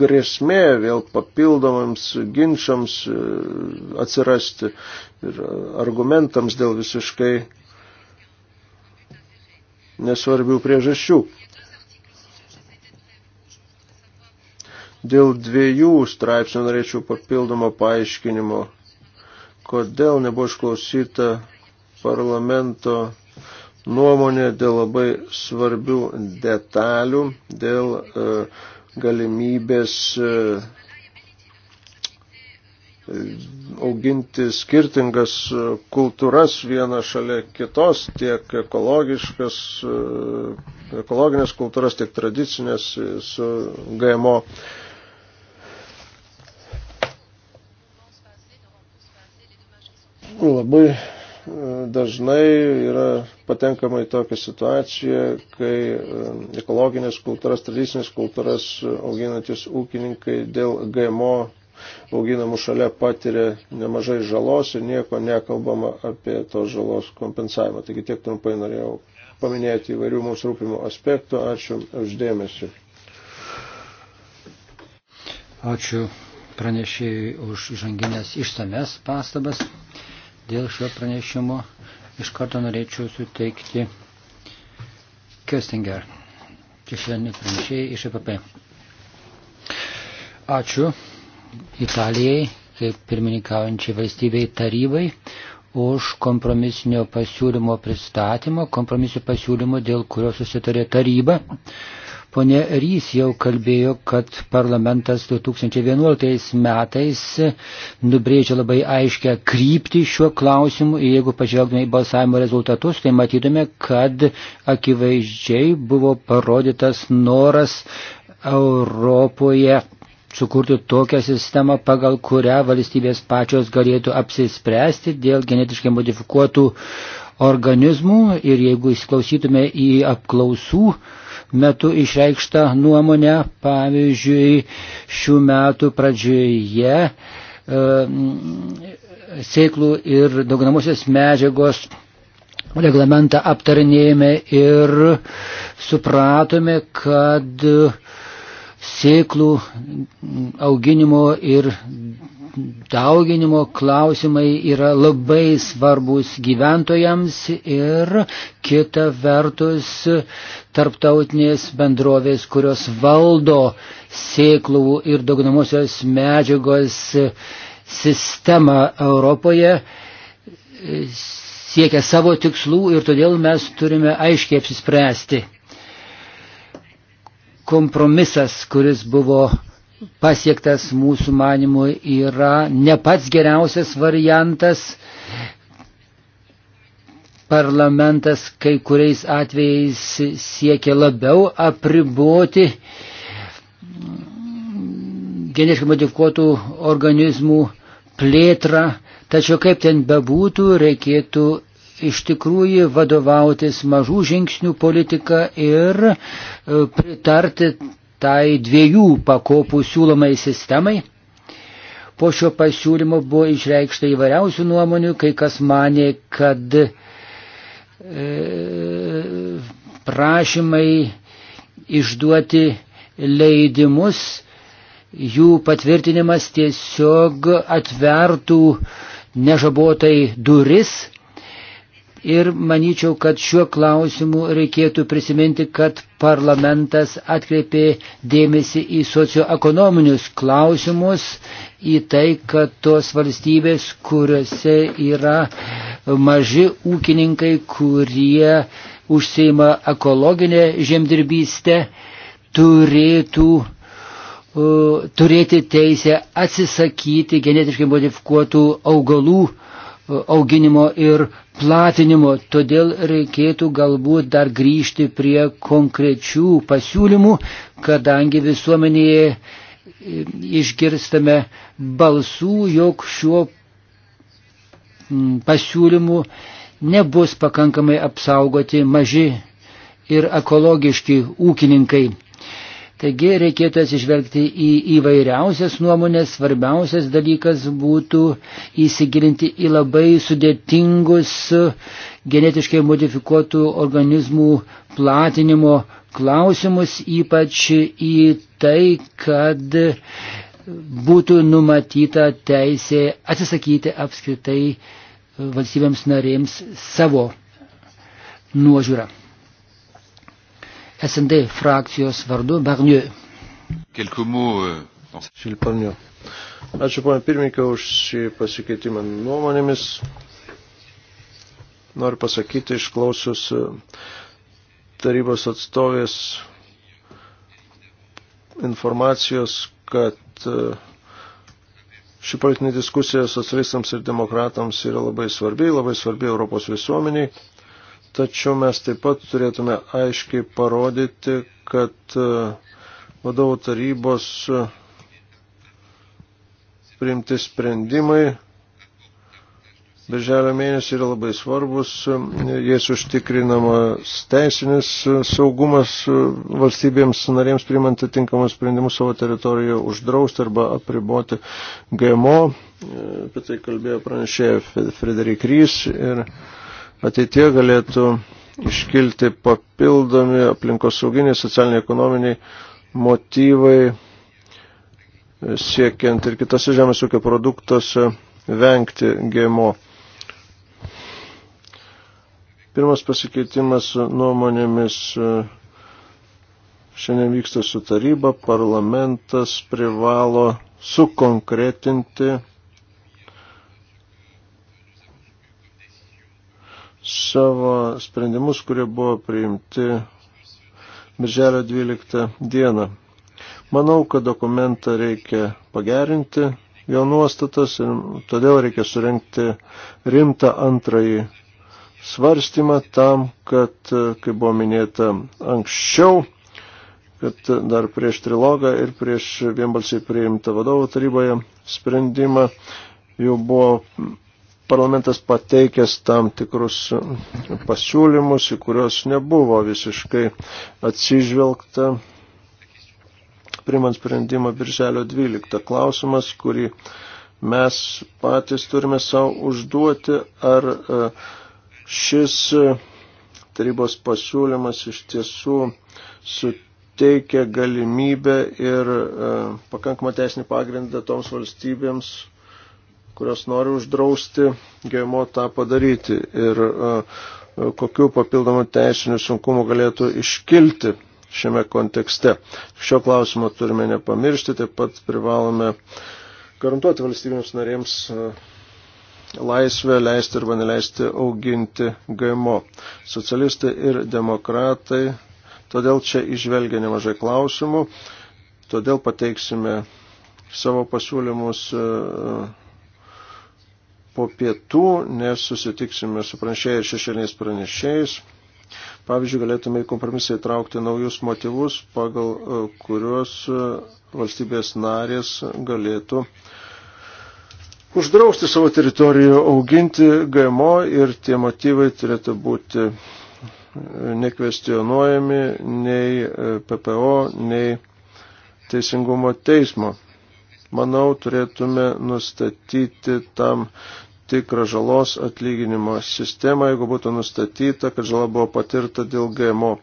grėsmė vėl papildomams ginčiams e, atsirasti ir argumentams dėl visiškai nesvarbių priežasčių. Dėl dviejų straipsnių norėčiau papildomo paaiškinimo, kodėl nebuvo išklausyta parlamento nuomonė dėl labai svarbių detalių, dėl e, galimybės e, auginti skirtingas e, kultūras vieną šalia kitos, tiek ekologiškas, ekologinės kultūras, tiek tradicinės su GMO. Labai dažnai yra patenkama į tokią situaciją, kai e, ekologinės kultūras, tradicinės kultūras auginantis ūkininkai dėl GMO auginamų šalia patiria nemažai žalos ir nieko nekalbama apie tos žalos kompensavimą. Taigi tiek trumpai norėjau paminėti įvairių mums rūpimų aspektų. Ačiū uždėmesi. Ačiū pranešėjai už žanginės išsames pastabas dėl šio pranešimo iš karto norėčiau suteikti Köstinger, šešėlinį pranešėjai iš EPP. Ačiū Italijai, kaip pirmininkaujančiai valstybei tarybai, už kompromisinio pasiūlymo pristatymą, kompromisų pasiūlymo, dėl kurio susitarė taryba. Pone Rys jau kalbėjo, kad parlamentas 2011 metais nubrėžė labai aiškę kryptį šiuo klausimu ir jeigu pažvelgtume į balsavimo rezultatus, tai matytume, kad akivaizdžiai buvo parodytas noras Europoje sukurti tokią sistemą, pagal kurią valstybės pačios galėtų apsispręsti dėl genetiškai modifikuotų organizmų ir jeigu įsiklausytume į apklausų, metu išreikštą nuomonę, pavyzdžiui, šių metų pradžioje e, sėklų ir daugnamosios medžiagos reglamentą aptarinėjome ir supratome, kad sėklų auginimo ir dauginimo klausimai yra labai svarbus gyventojams ir kita vertus tarptautinės bendrovės, kurios valdo sėklų ir dauginamosios medžiagos sistemą Europoje siekia savo tikslų ir todėl mes turime aiškiai apsispręsti. Kompromisas, kuris buvo pasiektas mūsų manimų yra ne pats geriausias variantas. Parlamentas kai kuriais atvejais siekia labiau apriboti geniškai modifikuotų organizmų plėtrą, tačiau kaip ten bebūtų, reikėtų iš tikrųjų vadovautis mažų žingsnių politika ir pritarti tai dviejų pakopų siūlomai sistemai. Po šio pasiūlymo buvo išreikšta įvairiausių nuomonių, kai kas manė, kad e, prašymai išduoti leidimus, jų patvirtinimas tiesiog atvertų nežabotai duris Ir manyčiau, kad šiuo klausimu reikėtų prisiminti, kad parlamentas atkreipė dėmesį į socioekonominius klausimus, į tai, kad tos valstybės, kuriuose yra maži ūkininkai, kurie užseima ekologinę žemdirbystę, turėtų uh, turėti teisę atsisakyti genetiškai modifikuotų augalų uh, auginimo ir platinimo, todėl reikėtų galbūt dar grįžti prie konkrečių pasiūlymų, kadangi visuomenėje e, išgirstame balsų, jog šiuo pasiūlymu nebus pakankamai apsaugoti maži ir ekologiški ūkininkai. Taigi reikėtų atsižvelgti į įvairiausias nuomonės, svarbiausias dalykas būtų įsigilinti į labai sudėtingus genetiškai modifikuotų organizmų platinimo klausimus, ypač į tai, kad būtų numatyta teisė atsisakyti apskritai valstybėms narėms savo nuožiūrą. SND frakcijos vardu Barniu. Šilparniu. Euh, Ačiū, pana pirmininkė, už šį pasikeitimą nuomonėmis. Noriu pasakyti, išklausius e, tarybos atstovės informacijos, kad e, ši politinė diskusija socialistams ir demokratams yra labai svarbi, labai svarbi Europos visuomeniai. Tačiau mes taip pat turėtume aiškiai parodyti, kad e, vadovų tarybos e, priimti sprendimai Birželio mėnesį yra labai svarbus, e, jais užtikrinamas teisinis saugumas valstybėms narėms priimant atitinkamus sprendimus savo teritorijoje uždrausti arba apriboti GMO. Apie tai kalbėjo pranešėjo Frederik Rys ir ateitie galėtų iškilti papildomi aplinkosauginiai, socialiniai, ekonominiai motyvai e, siekiant ir kitose žemės ūkio produktuose vengti GMO. Pirmas pasikeitimas nuomonėmis e, šiandien vyksta su taryba, parlamentas privalo sukonkretinti savo sprendimus, kurie buvo priimti Birželio 12 dieną. Manau, kad dokumentą reikia pagerinti, jo nuostatas ir todėl reikia surenkti rimtą antrąjį svarstymą tam, kad, kaip buvo minėta anksčiau, kad dar prieš trilogą ir prieš vienbalsiai priimtą vadovų taryboje sprendimą jau buvo parlamentas pateikęs tam tikrus pasiūlymus, į kuriuos nebuvo visiškai atsižvelgta, primant sprendimą birželio 12. Klausimas, kurį mes patys turime savo užduoti, ar e, šis e, tarybos pasiūlymas iš tiesų suteikia galimybę ir e, pakankamą teisinį pagrindą toms valstybėms kurios nori uždrausti GMO tą padaryti ir e, e, kokiu papildomu teisiniu sunkumu galėtų iškilti šiame kontekste. Šio klausimo turime nepamiršti, taip pat privalome garantuoti valstybėms narėms e, laisvę leisti arba neleisti auginti GMO. Socialistai ir demokratai, todėl čia išvelgia nemažai klausimų, todėl pateiksime savo pasiūlymus uh, po pietų, nes susitiksime su pranešėjais ir šešėliais pranešėjais. Pavyzdžiui, galėtume į kompromisą įtraukti naujus motyvus, pagal e, kuriuos e, valstybės narės galėtų uždrausti savo teritoriją auginti GMO ir tie motyvai turėtų būti e, nekvestionuojami nei PPO, nei Teisingumo teismo. Manau, turėtume nustatyti tam tikrą žalos atlyginimo sistemą, jeigu būtų nustatyta, kad žala buvo patirta dėl GMO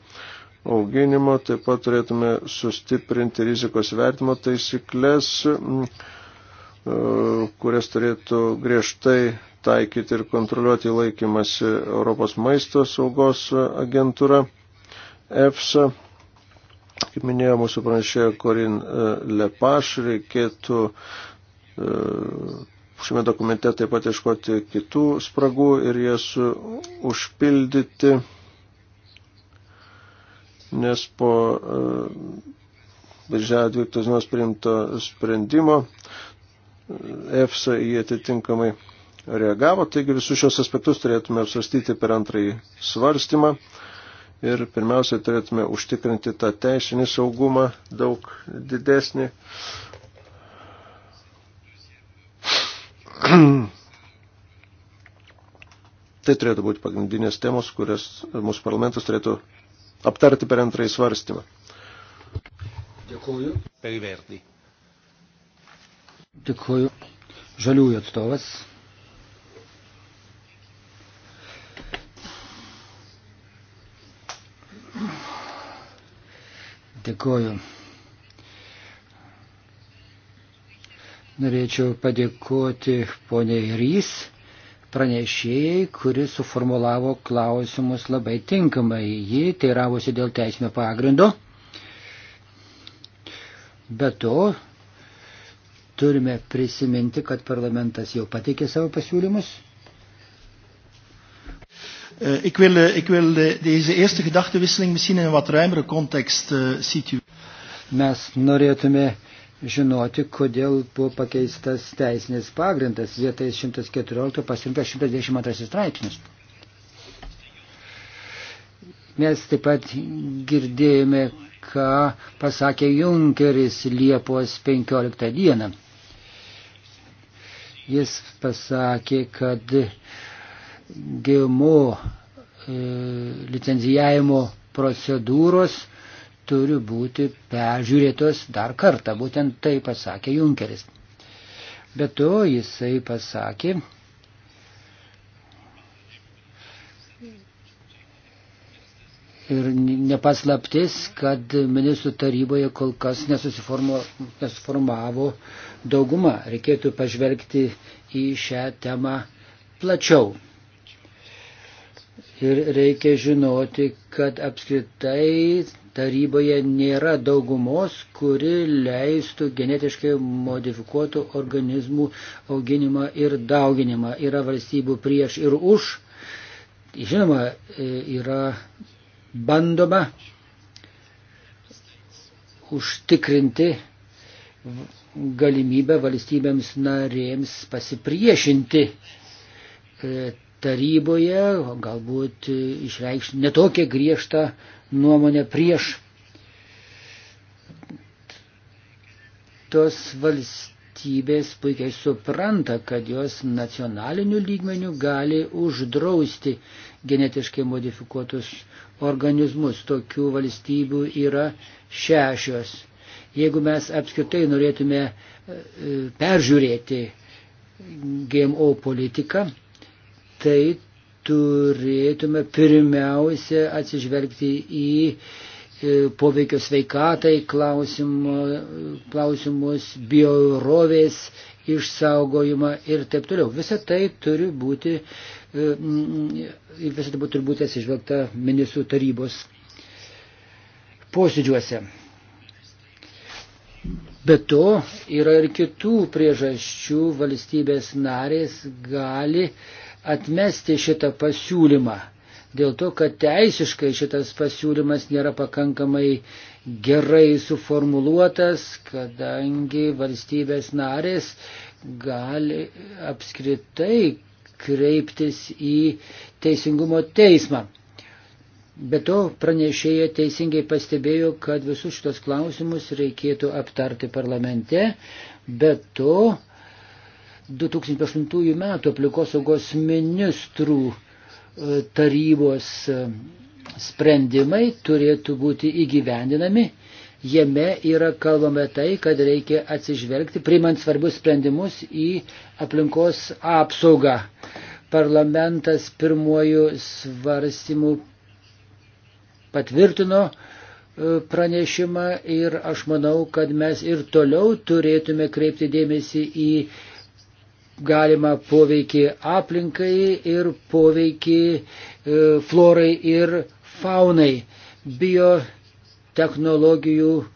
auginimo, taip pat turėtume sustiprinti rizikos vertimo taisyklės, e, kurias turėtų griežtai taikyti ir kontroliuoti laikymasi Europos maisto saugos agentūra EFSA. Kaip minėjo mūsų pranešėja Korin e, Lepaš, reikėtų e, šiame dokumente taip pat ieškoti kitų spragų ir jas užpildyti, nes po e, birželio 12 dienos priimto sprendimo e, EFSA jį atitinkamai reagavo, taigi visus šios aspektus turėtume apsvarstyti per antrąjį svarstymą ir pirmiausia turėtume užtikrinti tą teisinį saugumą daug didesnį tai turėtų būti pagrindinės temos, kurias mūsų parlamentas turėtų aptarti per antrąjį svarstymą. Dėkuoju. Periverdį. Dėkuoju. Žaliųjų atstovas. Dėkuoju. Norėčiau padėkoti poniai Rys pranešėjai, kuris suformulavo klausimus labai tinkamai. Ji teiravosi dėl teisinio pagrindo. Be to, turime prisiminti, kad parlamentas jau pateikė savo pasiūlymus. Uh, ik wil, uh, ik wil uh, deze eerste gedachtenwisseling misschien in een wat ruimere context uh, situeren. Mes norėtume uh, žinoti, kodėl buvo pakeistas teisinis pagrindas. Vietai 114 pasirinktas 122 straipsnis. Mes taip pat girdėjome, ką pasakė Junkeris Liepos 15 dieną. Jis pasakė, kad GMO e, licenzijavimo procedūros turi būti peržiūrėtos dar kartą. Būtent tai pasakė Junkeris. Bet to jisai pasakė, Ir nepaslaptis, kad ministrų taryboje kol kas nesusiformavo dauguma. Reikėtų pažvelgti į šią temą plačiau. Ir reikia žinoti, kad apskritai taryboje nėra daugumos, kuri leistų genetiškai modifikuotų organizmų auginimą ir dauginimą. Yra valstybių prieš ir už. Žinoma, e, yra bandoma užtikrinti galimybę valstybėms narėms pasipriešinti e, taryboje, galbūt e, išreikšti netokią griežtą nuomonę prieš tos valstybės puikiai supranta, kad jos nacionaliniu lygmeniu gali uždrausti genetiškai modifikuotus organizmus. Tokių valstybių yra šešios. Jeigu mes apskritai norėtume e, peržiūrėti GMO politiką, tai turėtume pirmiausia atsižvelgti į e, poveikio sveikatai klausimus, biorovės išsaugojimą ir taip toliau. Visą tai turi būti, e, visą tai turi būti atsižvelgta ministrų tarybos posėdžiuose. Be to yra ir kitų priežasčių valstybės narės gali uh, atmesti šitą pasiūlymą. Dėl to, kad teisiškai šitas pasiūlymas nėra pakankamai gerai suformuluotas, kadangi valstybės narės gali apskritai kreiptis į teisingumo teismą. Be to, pranešėja teisingai pastebėjo, kad visus šitos klausimus reikėtų aptarti parlamente, bet to 2008 metų aplikosaugos ministrų e, tarybos e, sprendimai turėtų būti įgyvendinami. Jame yra kalbame tai, kad reikia atsižvelgti, priimant svarbius sprendimus į aplinkos apsaugą. Parlamentas pirmojų svarstymų patvirtino e, pranešimą ir aš manau, kad mes ir toliau turėtume kreipti dėmesį į galima poveikį aplinkai ir poveikį e, florai ir faunai. Biotechnologijų e,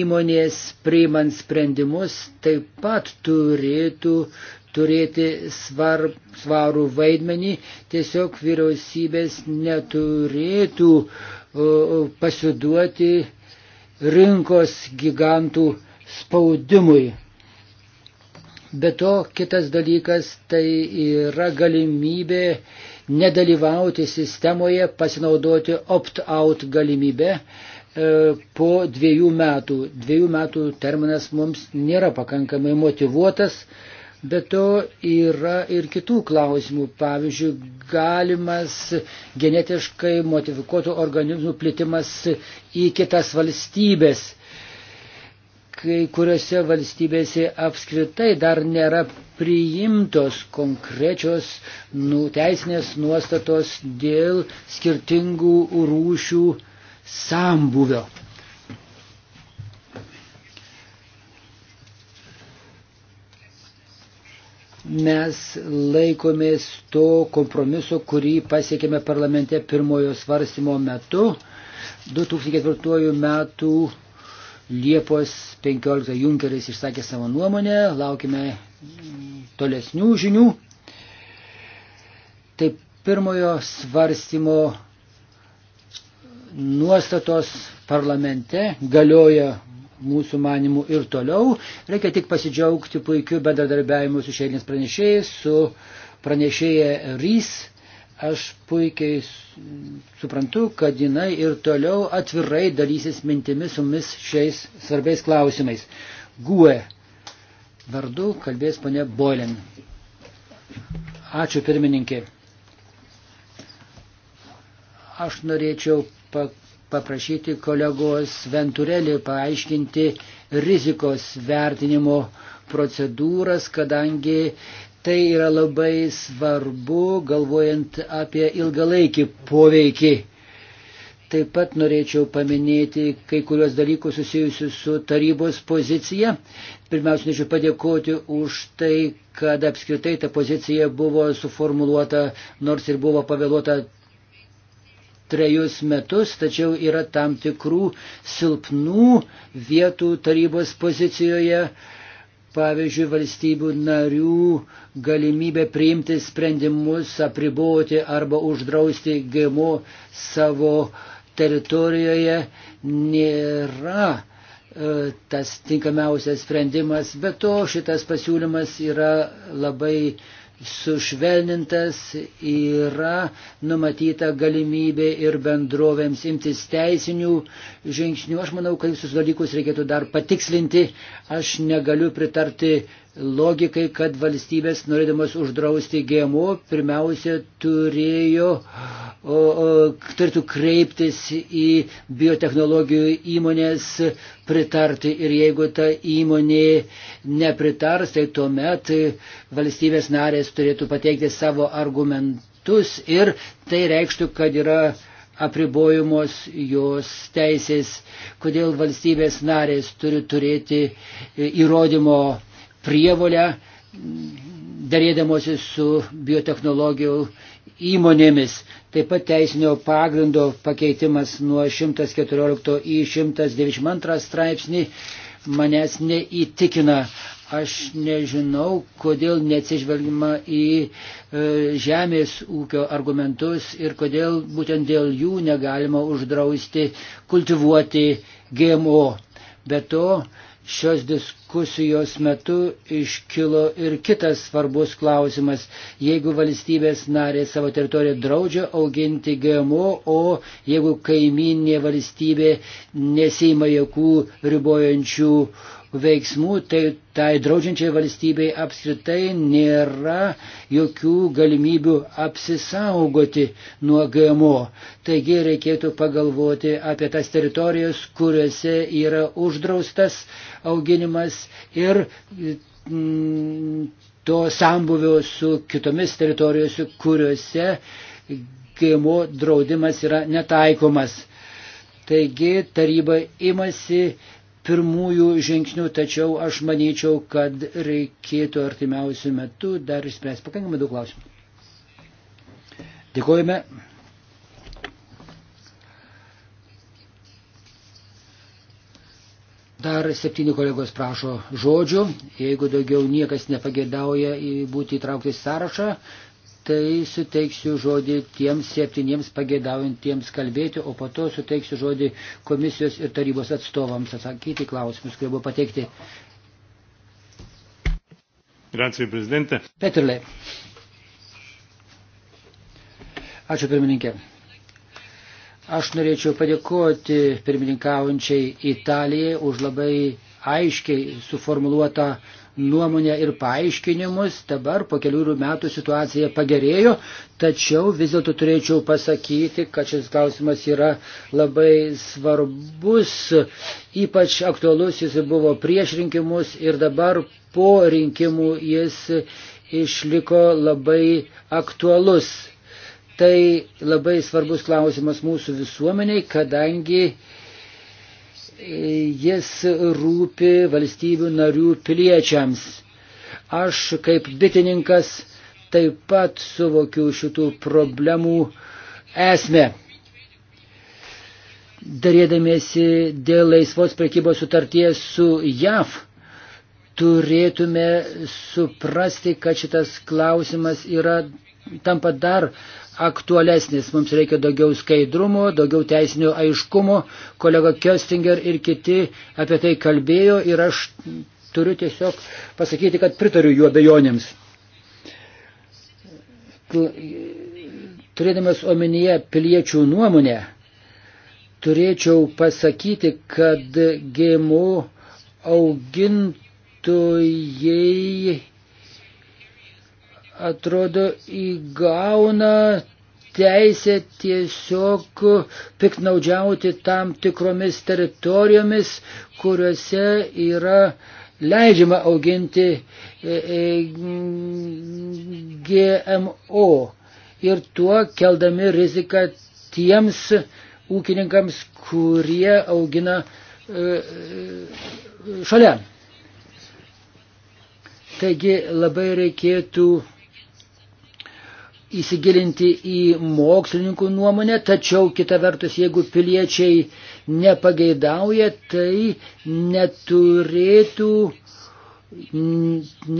įmonės priimant sprendimus taip pat turėtų turėti svar, svarų vaidmenį, tiesiog vyriausybės neturėtų e, pasiduoti rinkos gigantų spaudimui. Be to, kitas dalykas tai yra galimybė nedalyvauti sistemoje, pasinaudoti opt-out galimybę e, po dviejų metų. Dviejų metų terminas mums nėra pakankamai motivuotas, bet to yra ir kitų klausimų. Pavyzdžiui, galimas genetiškai modifikuotų organizmų plitimas į kitas valstybės kai kuriuose valstybėse apskritai dar nėra priimtos konkrečios nu, teisinės nuostatos dėl skirtingų rūšių sambuvio. mes laikomės to kompromiso, kurį pasiekėme parlamente pirmojo svarstymo metu 2004 metų Liepos 15 Junkeris išsakė savo nuomonę, laukime tolesnių žinių. Tai pirmojo svarstymo nuostatos parlamente galioja mūsų manimų ir toliau. Reikia tik pasidžiaugti puikiu bendradarbiavimu su šeilins pranešėjais, su pranešėja Rys Aš puikiai suprantu, kad jinai ir toliau atvirai dalysis mintimis sumis šiais svarbiais klausimais. GUE vardu kalbės ponė Boilen. Ačiū pirmininkė. Aš norėčiau paprašyti kolegos Venturelį paaiškinti rizikos vertinimo procedūras, kadangi Tai yra labai svarbu, galvojant apie ilgalaikį poveikį. Taip pat norėčiau paminėti kai kurios dalykus susijusius su tarybos pozicija. Pirmiausia, norėčiau padėkoti už tai, kad apskritai ta pozicija buvo suformuluota, nors ir buvo pavėluota trejus metus, tačiau yra tam tikrų silpnų vietų tarybos pozicijoje pavyzdžiui, valstybių narių galimybė priimti sprendimus, apriboti arba uždrausti GMO savo teritorijoje nėra e, tas tinkamiausias sprendimas, bet to šitas pasiūlymas yra labai sušvelnintas, yra numatyta galimybė ir bendrovėms imtis teisinių žingsnių. Aš manau, kad visus dalykus reikėtų dar patikslinti. Aš negaliu pritarti logikai, kad valstybės, norėdamas uždrausti GMO, pirmiausia turėjo, o, o, turėtų kreiptis į biotehnologijų įmonės, pritarti ir jeigu ta įmonė nepritars, tai tuomet valstybės narės turėtų pateikti savo argumentus ir tai reikštų, kad yra apribojamos jos teisės, kodėl valstybės narės turi turėti įrodymo prievolę darėdamosi su biotehnologijų įmonėmis. Taip pat teisinio pagrindo pakeitimas nuo 114 į 192 straipsnį manęs neįtikina. Aš nežinau, kodėl neatsižvelgima į e, žemės ūkio argumentus ir kodėl būtent dėl jų negalima uždrausti kultivuoti GMO. Be to, Šios diskusijos metu iškilo ir kitas svarbus klausimas. Jeigu valstybės narė savo teritoriją draudžia auginti GMO, o jeigu kaiminė valstybė nesima jokių ribojančių veiksmų, tai tai draudžiančiai valstybei apskritai nėra jokių galimybių apsisaugoti nuo GMO. Taigi reikėtų pagalvoti apie tas teritorijas, kuriuose yra uždraustas auginimas ir mm, to sambuvio su kitomis teritorijose, kuriuose GMO draudimas yra netaikomas. Taigi taryba imasi pirmųjų žingsnių, tačiau aš manyčiau, kad reikėtų artimiausių metų dar išspręsti pakankamai daug klausimų. Dėkojame. Dar septyni kolegos prašo žodžių. Jeigu daugiau niekas nepagėdauja būti įtraukti į sąrašą, tai suteiksiu žodį tiems septyniems pageidaujantiems kalbėti, o po to suteiksiu žodį komisijos ir tarybos atstovams atsakyti klausimus, kurie buvo pateikti. Grazie, prezidente. Petrle. Ačiū, pirmininkė. Aš norėčiau padėkoti pirmininkaujančiai Italijai už labai aiškiai suformuluotą nuomonę ir paaiškinimus. Dabar po kelių metų situacija pagerėjo, tačiau vis dėlto turėčiau pasakyti, kad šis klausimas yra labai svarbus, ypač aktualus jis buvo prieš rinkimus ir dabar po rinkimų jis išliko labai aktualus. Tai labai svarbus klausimas mūsų visuomeniai, kadangi jis rūpi valstybių narių piliečiams. Aš kaip bitininkas taip pat suvokiu šitų problemų esmę. Darėdamėsi dėl laisvos prekybos sutarties su JAV, turėtume suprasti, kad šitas klausimas yra tampa dar aktualesnis. Mums reikia daugiau skaidrumo, daugiau teisinio aiškumo. Kolega Kestinger ir kiti apie tai kalbėjo ir aš turiu tiesiog pasakyti, kad pritariu jų abejonėms. Turėdamas omenyje piliečių nuomonę, turėčiau pasakyti, kad GMO augintojai atrodo įgauna teisę tiesiog piknaudžiauti tam tikromis teritorijomis, kuriuose yra leidžiama auginti e, e, GMO ir tuo keldami riziką tiems ūkininkams, kurie augina e, šalia. Taigi labai reikėtų įsigilinti į mokslininkų nuomonę, tačiau kita vertus, jeigu piliečiai nepageidauja, tai neturėtų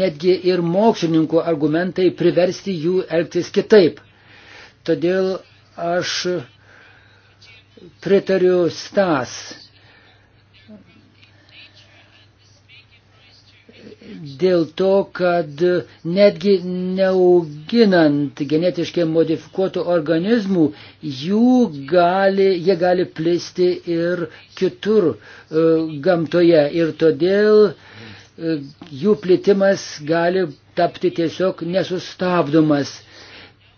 netgi ir mokslininkų argumentai priversti jų elgtis kitaip. Todėl aš pritariu Stas dėl to, kad netgi neauginant genetiškai modifikuotų organizmų, gali, jie gali plisti ir kitur e, gamtoje. Ir todėl e, jų plitimas gali tapti tiesiog nesustabdomas.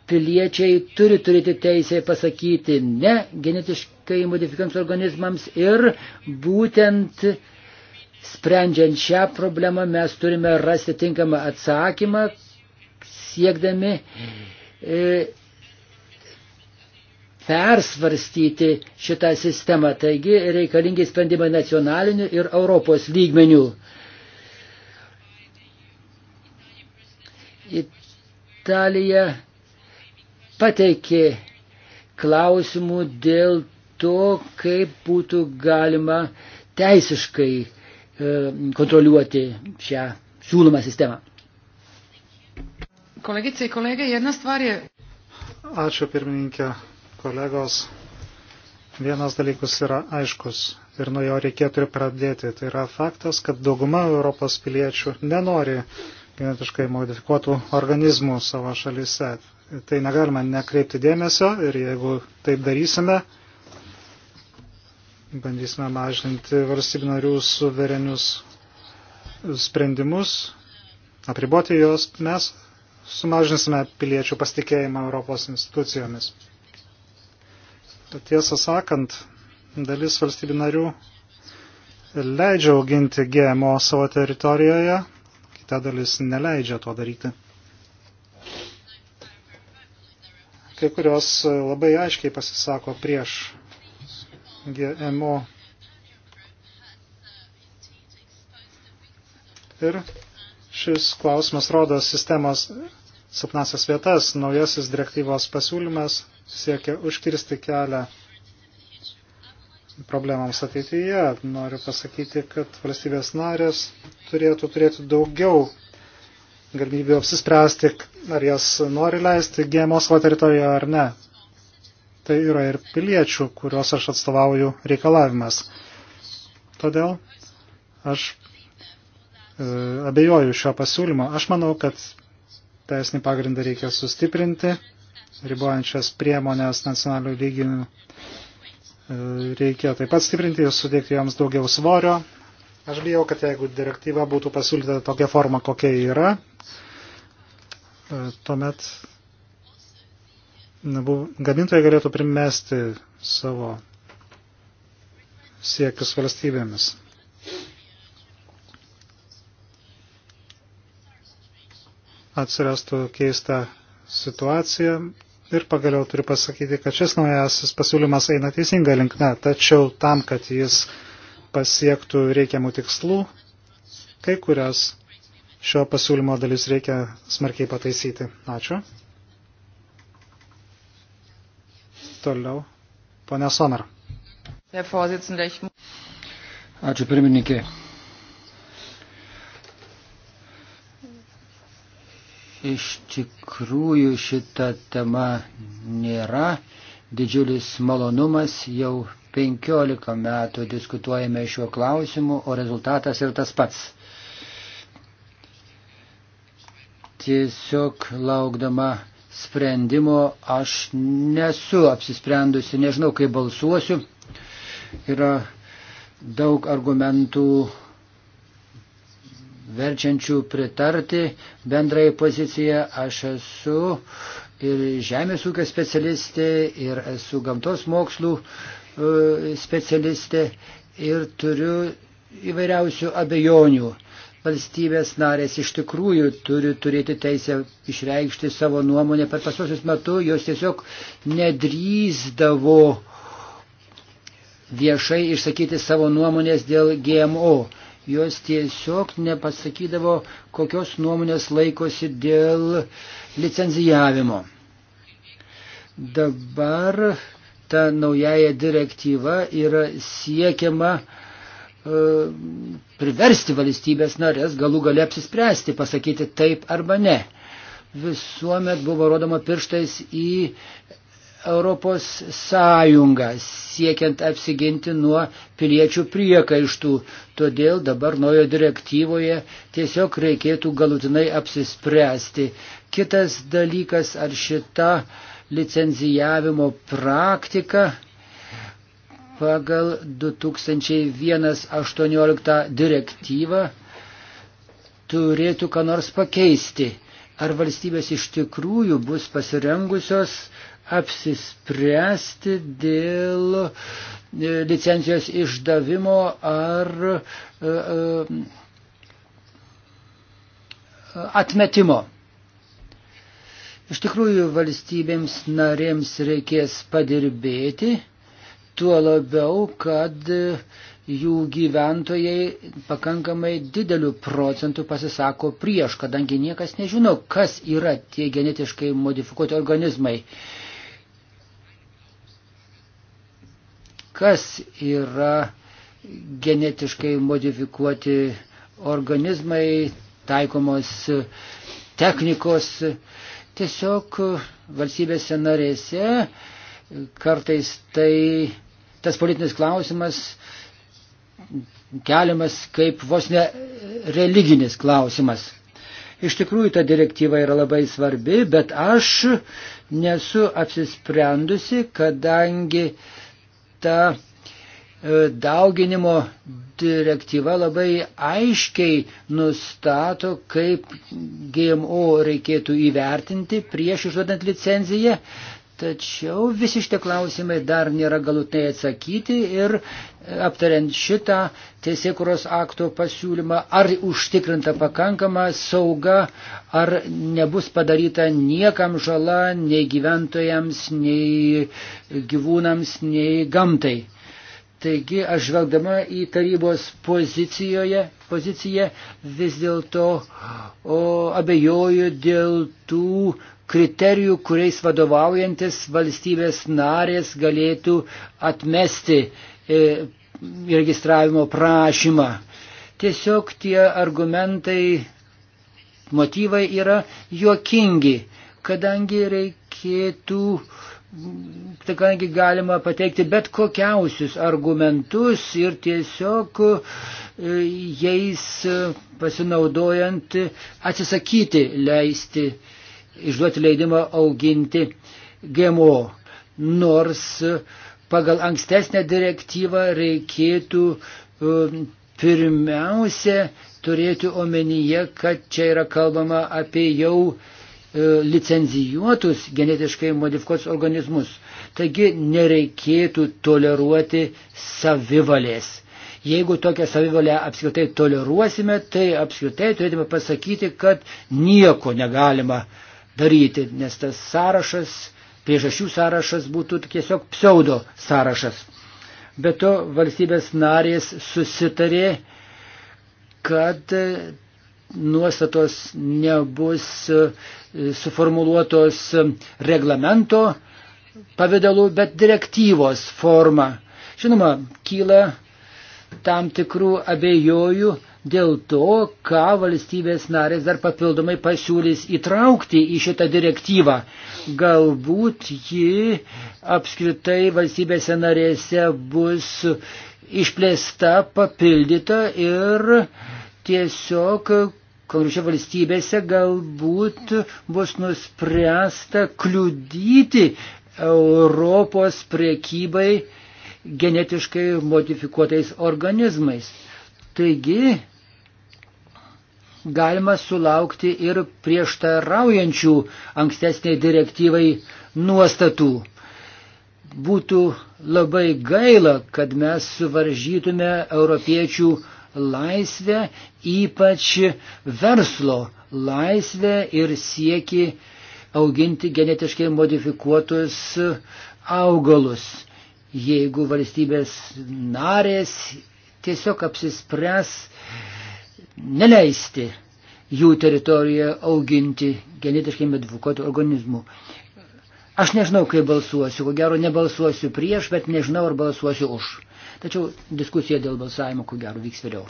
Piliečiai turi turėti teisę pasakyti ne genetiškai modifikuojams organizmams ir būtent Sprendžiant šią problemą mes turime rasti tinkamą atsakymą, siekdami e, persvarstyti šitą sistemą. Taigi reikalingi sprendimai nacionalinių ir Europos lygmenių. Italija pateikė klausimų dėl to, kaip būtų galima teisiškai E, kontroliuoti šią siūlomą sistemą. Kolegice i kolege, jedna stvar je... Ačiū pirmininkė, kolegos. Vienas dalykus yra aiškus ir nuo jo reikėtų ir pradėti. Tai yra faktas, kad dauguma Europos piliečių nenori genetiškai modifikuotų organizmų savo šalyse. Tai negalima nekreipti dėmesio ir jeigu taip darysime, bandysime mažinti valstybių narių suverenius sprendimus, apriboti juos, mes sumažinsime piliečių pasitikėjimą Europos institucijomis. Tiesą sakant, dalis valstybių narių leidžia auginti GMO savo teritorijoje, kita dalis neleidžia to daryti. Kai kurios labai aiškiai pasisako prieš GMO. Ir šis klausimas rodo sistemos silpnasias vietas. Naujasis direktyvos pasiūlymas siekia užkirsti kelią problemams ateityje. Noriu pasakyti, kad valstybės narės turėtų turėti daugiau galimybių apsispręsti, ar jas nori leisti GMO savo teritorijoje ar ne tai yra ir piliečių, kuriuos aš atstovauju reikalavimas. Todėl aš e, abejoju šio pasiūlymo. Aš manau, kad teisinį pagrindą reikia sustiprinti, ribojančias priemonės nacionalių lyginių e, reikia taip pat stiprinti ir sudėti joms daugiau svorio. Aš bijau, kad jeigu direktyva būtų pasiūlyta tokia forma, kokia yra, e, tuomet gamintojai galėtų primesti savo siekius valstybėmis. Atsirastų keista situacija ir pagaliau turiu pasakyti, kad šis naujasis pasiūlymas eina teisinga linkme, tačiau tam, kad jis pasiektų reikiamų tikslų, kai kurias šio pasiūlymo dalis reikia smarkiai pataisyti. Ačiū. Toliau, ponė Somer. Ačiū pirmininkė. Iš tikrųjų šita tema nėra didžiulis malonumas, jau 15 metų diskutuojame šiuo klausimu, o rezultatas yra tas pats. Tiesiog laukdama sprendimo aš nesu apsisprendusi, nežinau, kaip balsuosiu. Yra daug argumentų verčiančių pritarti bendrai poziciją. Aš esu ir žemės ūkio specialistė, ir esu gamtos mokslų e, specialistė ir turiu įvairiausių abejonių valstybės narės iš tikrųjų turi turėti teisę išreikšti savo nuomonę. Per pasosius metu jos tiesiog nedrįzdavo viešai išsakyti savo nuomonės dėl GMO. Jos tiesiog nepasakydavo, kokios nuomonės laikosi dėl licenzijavimo. Dabar ta naujaja direktyva yra siekiama uh, E, priversti valstybės narės galų gale apsispręsti, pasakyti taip arba ne. Visuomet buvo rodoma pirštais į Europos Sąjungą, siekiant apsiginti nuo piliečių priekaištų. Todėl dabar naujo direktyvoje tiesiog reikėtų galutinai apsispręsti. Kitas dalykas, ar šita licenzijavimo praktika pagal 2018 direktyvą turėtų ką nors pakeisti. Ar valstybės iš tikrųjų bus pasirengusios apsispręsti dėl e, licencijos išdavimo ar e, e, atmetimo. Iš tikrųjų, valstybėms narėms reikės padirbėti Tuo labiau, kad jų gyventojai pakankamai dideliu procentu pasisako prieš, kadangi niekas nežino, kas yra tie genetiškai modifikuoti organizmai. Kas yra genetiškai modifikuoti organizmai, taikomos technikos. Tiesiog valstybėse narėse kartais tai tas politinis klausimas keliamas kaip vos ne religinis klausimas. Iš tikrųjų, ta direktyva yra labai svarbi, bet aš nesu apsisprendusi, kadangi ta e, dauginimo direktyva labai aiškiai nustato, kaip GMO reikėtų įvertinti prieš išduodant licenciją. Tačiau visi šitie klausimai dar nėra galutinai atsakyti ir e, aptariant šitą teisėkuros akto pasiūlymą, ar užtikrinta pakankama sauga, ar nebus padaryta niekam žala, nei gyventojams, nei gyvūnams, nei gamtai. Taigi aš žvelgdama į tarybos pozicijoje, poziciją vis dėlto abejoju dėl tų kriterijų, kuriais vadovaujantis valstybės narės galėtų atmesti e, registravimo prašymą. Tiesiog tie argumentai, motyvai yra juokingi, kadangi reikėtų kadangi galima pateikti bet kokiausius argumentus ir tiesiog e, jais pasinaudojant atsisakyti leisti, išduoti leidimą auginti GMO. Nors pagal ankstesnę direktyvą reikėtų e, pirmiausia turėti omenyje, kad čia yra kalbama apie jau E, licenzijuotus genetiškai modifikuotus organizmus. Taigi nereikėtų toleruoti savivalės. Jeigu tokią savivalę apskritai toleruosime, tai apskritai turėtume pasakyti, kad nieko negalima daryti, nes tas sąrašas, priežasčių sąrašas būtų tiesiog pseudo sąrašas. Be to valstybės narės susitarė, kad nuostatos nebus e, suformuluotos e, reglamento pavydalu, bet direktyvos forma. Žinoma, kyla tam tikrų abejojų dėl to, ką valstybės narės dar papildomai pasiūlys įtraukti į šitą direktyvą. Galbūt ji apskritai valstybėse narėse bus išplėsta, papildyta ir uh, tiesiog konkrečia valstybėse galbūt bus nuspręsta kliudyti Europos priekybai genetiškai modifikuotais organizmais. Taigi galima sulaukti ir prieštaraujančių ankstesniai direktyvai nuostatų. Būtų labai gaila, kad mes suvaržytume europiečių laisvę, ypač verslo laisvę ir sieki auginti genetiškai modifikuotus augalus. Jeigu valstybės narės tiesiog apsispręs neleisti jų teritorijoje auginti genetiškai modifikuotų organizmų. Aš nežinau, kaip balsuosiu, ko gero nebalsuosiu prieš, bet nežinau, ar balsuosiu už. Tačiau diskusija dėl balsavimo, ko gero, vyks vėliau.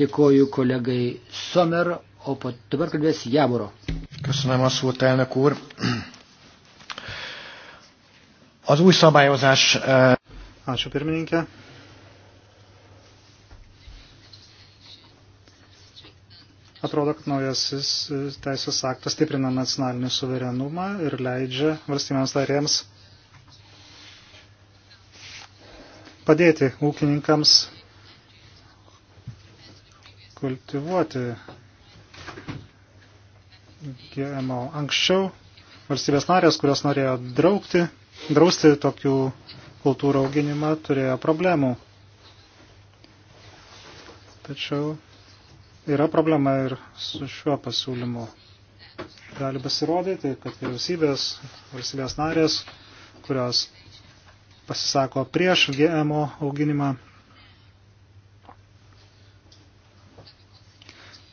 Dėkoju kolegai Somer, o po dabar kalbės Javoro. Köszönöm a szót, elnök úr. Az új szabályozás... Ačiū pirmininkė. Atrodo, kad naujasis teisės aktas stiprina nacionalinį suverenumą ir leidžia valstybėms narėms padėti ūkininkams kultivuoti GMO. Anksčiau valstybės narės, kurios norėjo draugti, drausti tokių kultūrų auginimą, turėjo problemų. Tačiau yra problema ir su šiuo pasiūlymu. Gali pasirodyti, kad vyriausybės, valstybės narės, kurios pasisako prieš GMO auginimą.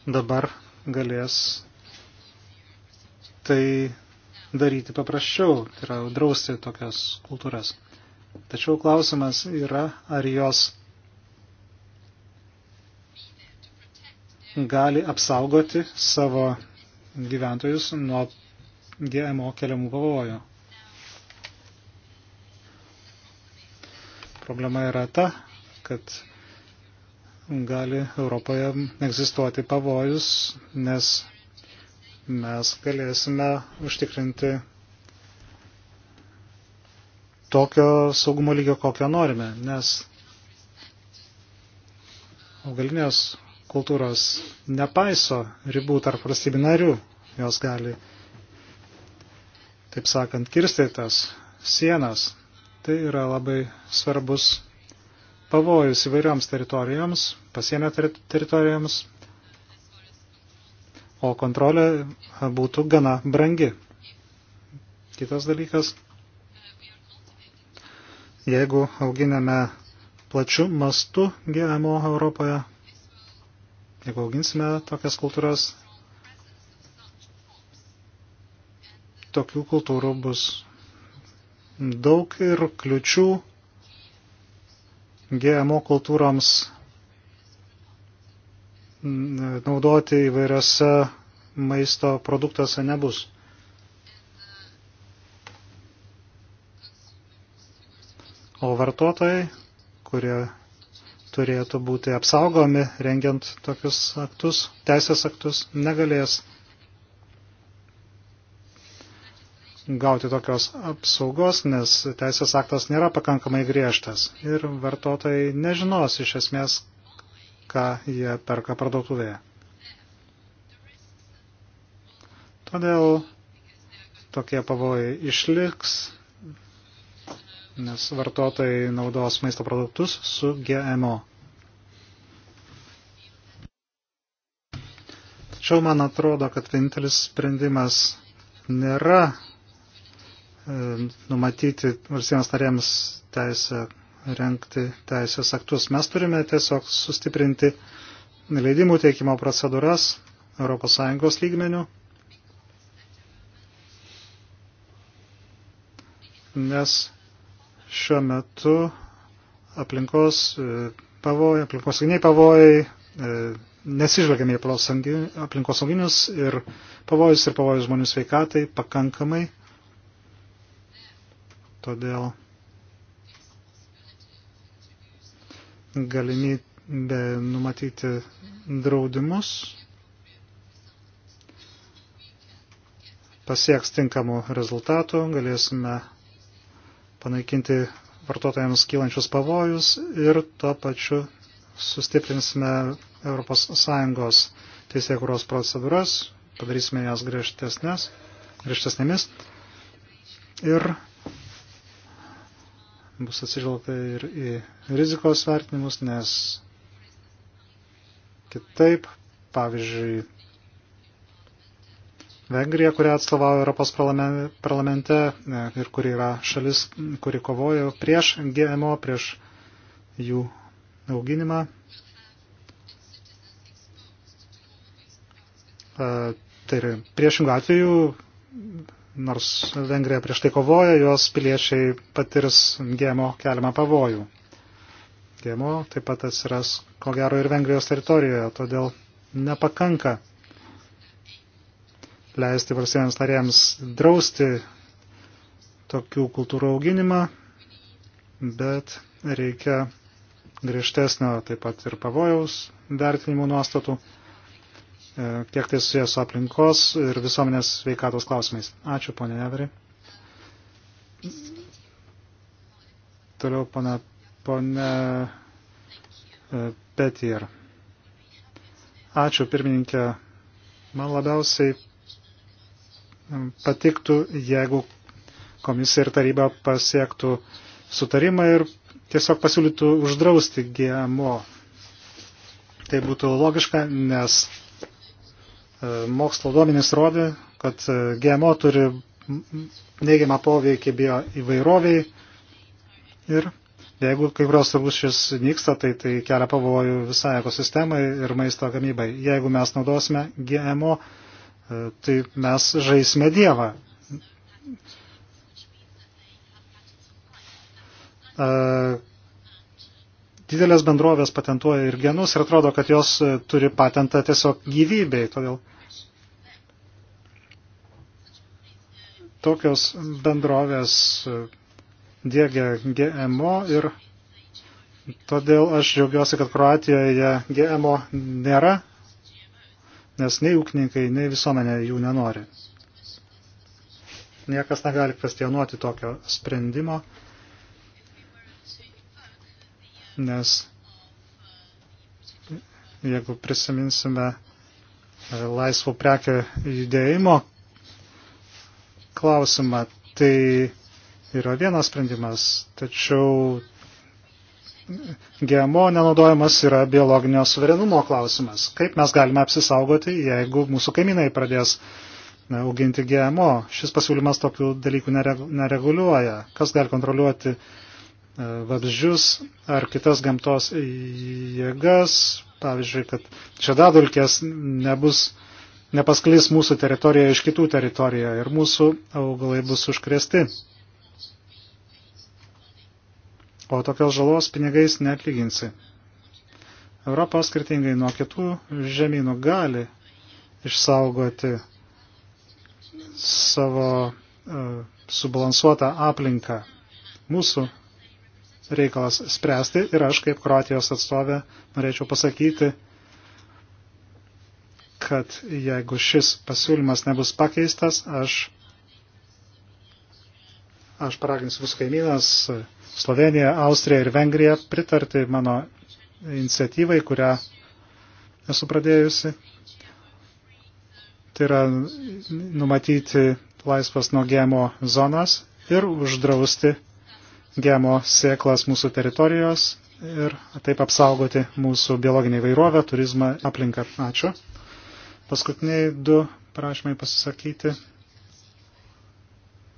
Dabar galės tai daryti paprasčiau, tai yra drausti tokias kultūras. Tačiau klausimas yra, ar jos gali apsaugoti savo gyventojus nuo GMO keliamų pavojų. Problema yra ta, kad gali Europoje egzistuoti pavojus, nes mes galėsime užtikrinti tokio saugumo lygio, kokio norime, nes augalinės kultūros nepaiso ribų tarp valstybių narių, jos gali, taip sakant, kirsti tas sienas Tai yra labai svarbus pavojus įvairioms teritorijoms, pasienio teritorijoms, o kontrolė būtų gana brangi. Kitas dalykas, jeigu auginame plačių mastų GMO Europoje, jeigu auginsime tokias kultūras, tokių kultūrų bus daug ir kliučių GMO kultūroms naudoti įvairiose maisto produktuose nebus. O vartotojai, kurie turėtų būti apsaugomi rengiant tokius aktus, teisės aktus, negalės gauti tokios apsaugos, nes teisės aktas nėra pakankamai griežtas ir vartotojai nežinos iš esmės, ką jie perka parduotuvėje. Todėl tokie pavojai išliks, nes vartotojai naudos maisto produktus su GMO. Tačiau man atrodo, kad vienintelis sprendimas nėra E, numatyti valstybės narėms teisę renkti teisės aktus. Mes turime tiesiog sustiprinti leidimų teikimo procedūras ES lygmenių, nes šiuo metu aplinkos e, pavojai, aplinkosauginiai pavojai, e, nesižvelgiame į aplinkosauginius ir pavojus ir pavojus žmonių sveikatai pakankamai Todėl galimybė numatyti draudimus pasieks tinkamų rezultatų, galėsime panaikinti vartotojams kylančius pavojus ir tuo pačiu sustiprinsime ES teisėkuros procedūras, padarysime jas griežtesnės, griežtesnėmis ir bus atsižvelgta ir į rizikos vertinimus, nes kitaip, pavyzdžiui, Vengrija, kurią atstovauja Europos parlamente e, ir kuri yra šalis, kuri kovojo prieš GMO, prieš jų auginimą, e, tai yra priešingų atveju nors Vengrija prieš tai kovoja, jos piliečiai patirs gėmo keliamą pavojų. Gėmo taip pat atsiras, ko gero, ir Vengrijos teritorijoje, todėl nepakanka leisti valstybėms narėms drausti tokių kultūrų auginimą, bet reikia griežtesnio taip pat ir pavojaus vertinimų nuostatų. E, kiek tai susijęs su aplinkos ir visuomenės sveikatos klausimais. Ačiū, ponė Neveri. Toliau, ponė, ponė e, Petier. Ačiū, pirmininkė. Man labiausiai e, patiktų, jeigu komisija ir taryba pasiektų sutarimą ir tiesiog pasiūlytų uždrausti GMO. Tai būtų logiška, nes E, mokslo duomenys rodi, kad e, GMO turi neigiamą poveikį bio įvairoviai ir jeigu kai kurios rūšis nyksta, tai tai kelia pavojų visai ekosistemai ir maisto gamybai. Jeigu mes naudosime GMO, e, tai mes žaisime Dievą. Didelės bendrovės patentuoja ir genus ir atrodo, kad jos turi patentą tiesiog gyvybei, todėl Tokios bendrovės dėgia GMO ir todėl aš džiaugiuosi, kad Kroatijoje GMO nėra, nes nei ūkininkai, nei visuomenė jų nenori. Niekas negali kvestionuoti tokio sprendimo, nes jeigu prisiminsime laisvų prekių judėjimo klausimą, tai yra vienas sprendimas, tačiau GMO nenaudojimas yra biologinio suverenumo klausimas. Kaip mes galime apsisaugoti, jeigu mūsų kaimynai pradės auginti GMO? Šis pasiūlymas tokių dalykų nereguliuoja. Kas gali kontroliuoti e, vabzdžius ar kitas gamtos jėgas? Pavyzdžiui, kad šiadadulkės nebus uh, nepasklis mūsų teritorija iš kitų teritorijų ir mūsų augalai bus užkrėsti. O tokios žalos pinigais neatlyginsi. Europa skirtingai nuo kitų žemynų gali išsaugoti savo uh, subalansuotą aplinką. Mūsų reikalas spręsti ir aš kaip Kroatijos atstovė norėčiau pasakyti, kad jeigu šis pasiūlymas nebus pakeistas, aš, aš paraginsiu mūsų kaimynas Sloveniją, Austriją ir Vengriją pritarti mano iniciatyvai, kurią esu pradėjusi. Tai yra numatyti laisvas nuo gemo zonas ir uždrausti gemo sėklas mūsų teritorijos ir taip apsaugoti mūsų biologinį vairovę, turizmą, aplinką. Ačiū. Paskutiniai du prašymai pasisakyti.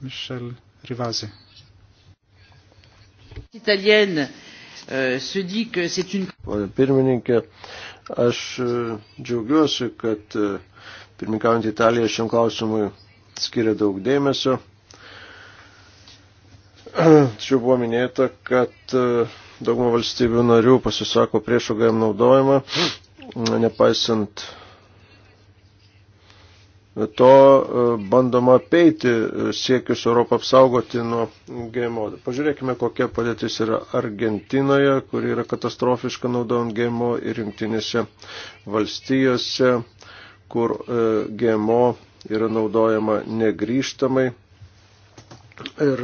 Michel Rivazi. Italienne. Euh, se dit que c'est une... Pirmininkė, aš e, džiaugiuosi, kad e, pirmininkaujant Italiją šiam klausimui skiria daug dėmesio. Tačiau buvo minėta, kad e, daugumą valstybių narių pasisako prieš UGM naudojimą, nepaisant to e, bandoma peiti e, siekius Europą apsaugoti nuo GMO. Pažiūrėkime, kokia padėtis yra Argentinoje, kuri yra katastrofiška naudojant GMO ir jungtinėse valstijose, kur e, GMO yra naudojama negryžtamai ir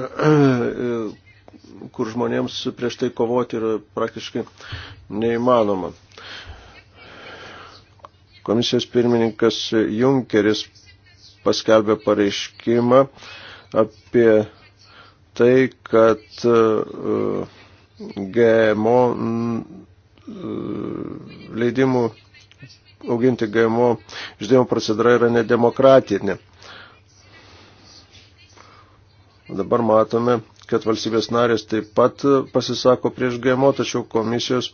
kur žmonėms prieš tai kovoti yra praktiškai neįmanoma komisijos pirmininkas Junkeris paskelbė pareiškimą apie tai, kad e, GMO e, leidimų auginti GMO išdėjimo procedūra yra nedemokratinė. Dabar matome, kad valstybės narės taip pat pasisako prieš GMO, tačiau komisijos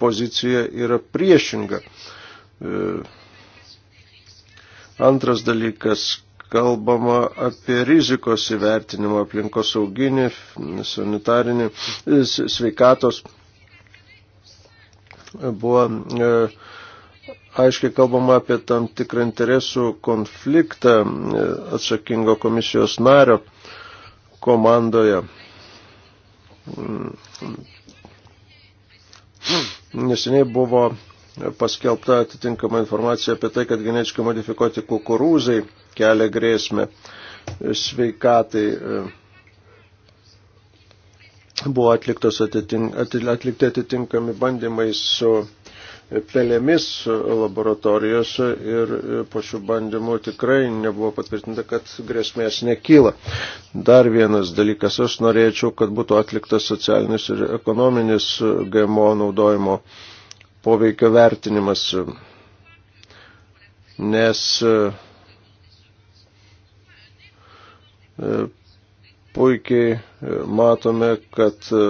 pozicija yra priešinga. E, Antras dalykas, kalbama apie rizikos įvertinimą aplinkosauginį, sanitarinį, sveikatos. Buvo e, aiškiai kalbama apie tam tikrą interesų konfliktą e, atsakingo komisijos nario komandoje. Mm. Neseniai buvo paskelbta atitinkama informacija apie tai, kad genetiškai modifikuoti kukurūzai kelia grėsmę sveikatai. Buvo atitink, atlikti atitinkami bandymai su pelėmis laboratorijose ir po šių bandymų tikrai nebuvo patvirtinta, kad grėsmės nekyla. Dar vienas dalykas, aš norėčiau, kad būtų atliktas socialinis ir ekonominis GMO naudojimo uh, poveikio vertinimas, nes e, puikiai matome, kad e,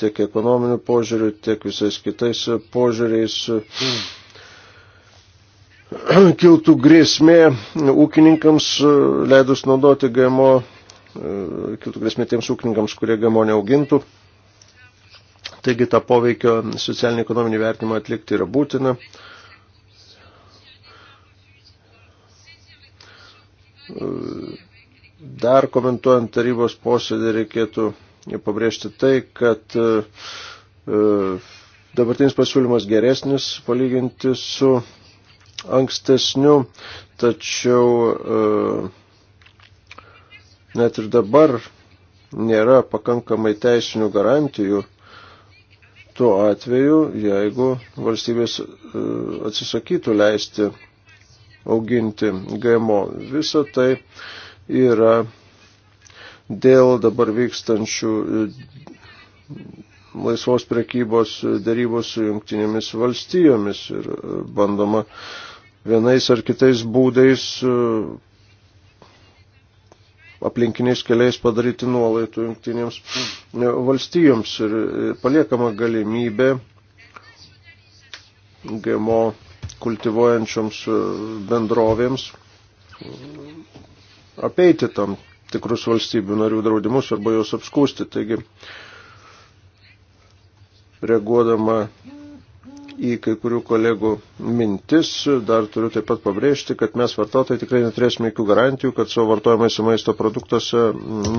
tiek ekonominių požiūrių, tiek visais kitais požiūriais e, kiltų grėsmė ūkininkams leidus naudoti GMO, kiltų grėsmė tiems ūkininkams, kurie GMO neaugintų. Taigi tą poveikio socialinį ekonominį vertinimą atlikti yra būtina. Dar komentuojant tarybos posėdį reikėtų pabrėžti tai, kad e, dabartinis pasiūlymas geresnis palyginti su ankstesniu, tačiau e, net ir dabar nėra pakankamai teisinių garantijų tuo atveju, jeigu valstybės e, atsisakytų leisti auginti GMO. Visa tai yra dėl dabar vykstančių e, laisvos prekybos darybos su jungtinėmis valstijomis ir e, bandoma vienais ar kitais būdais aplinkiniais keliais padaryti nuolaidų jungtinėms valstijoms ir paliekama galimybė GMO kultivuojančioms e, bendrovėms e, apeiti tam tikrus valstybių narių draudimus arba juos apskūsti. Taigi, reaguodama į kai kurių kolegų mintis. Dar turiu taip pat pabrėžti, kad mes vartotojai tikrai neturėsime jokių garantijų, kad savo vartojamais maisto produktuose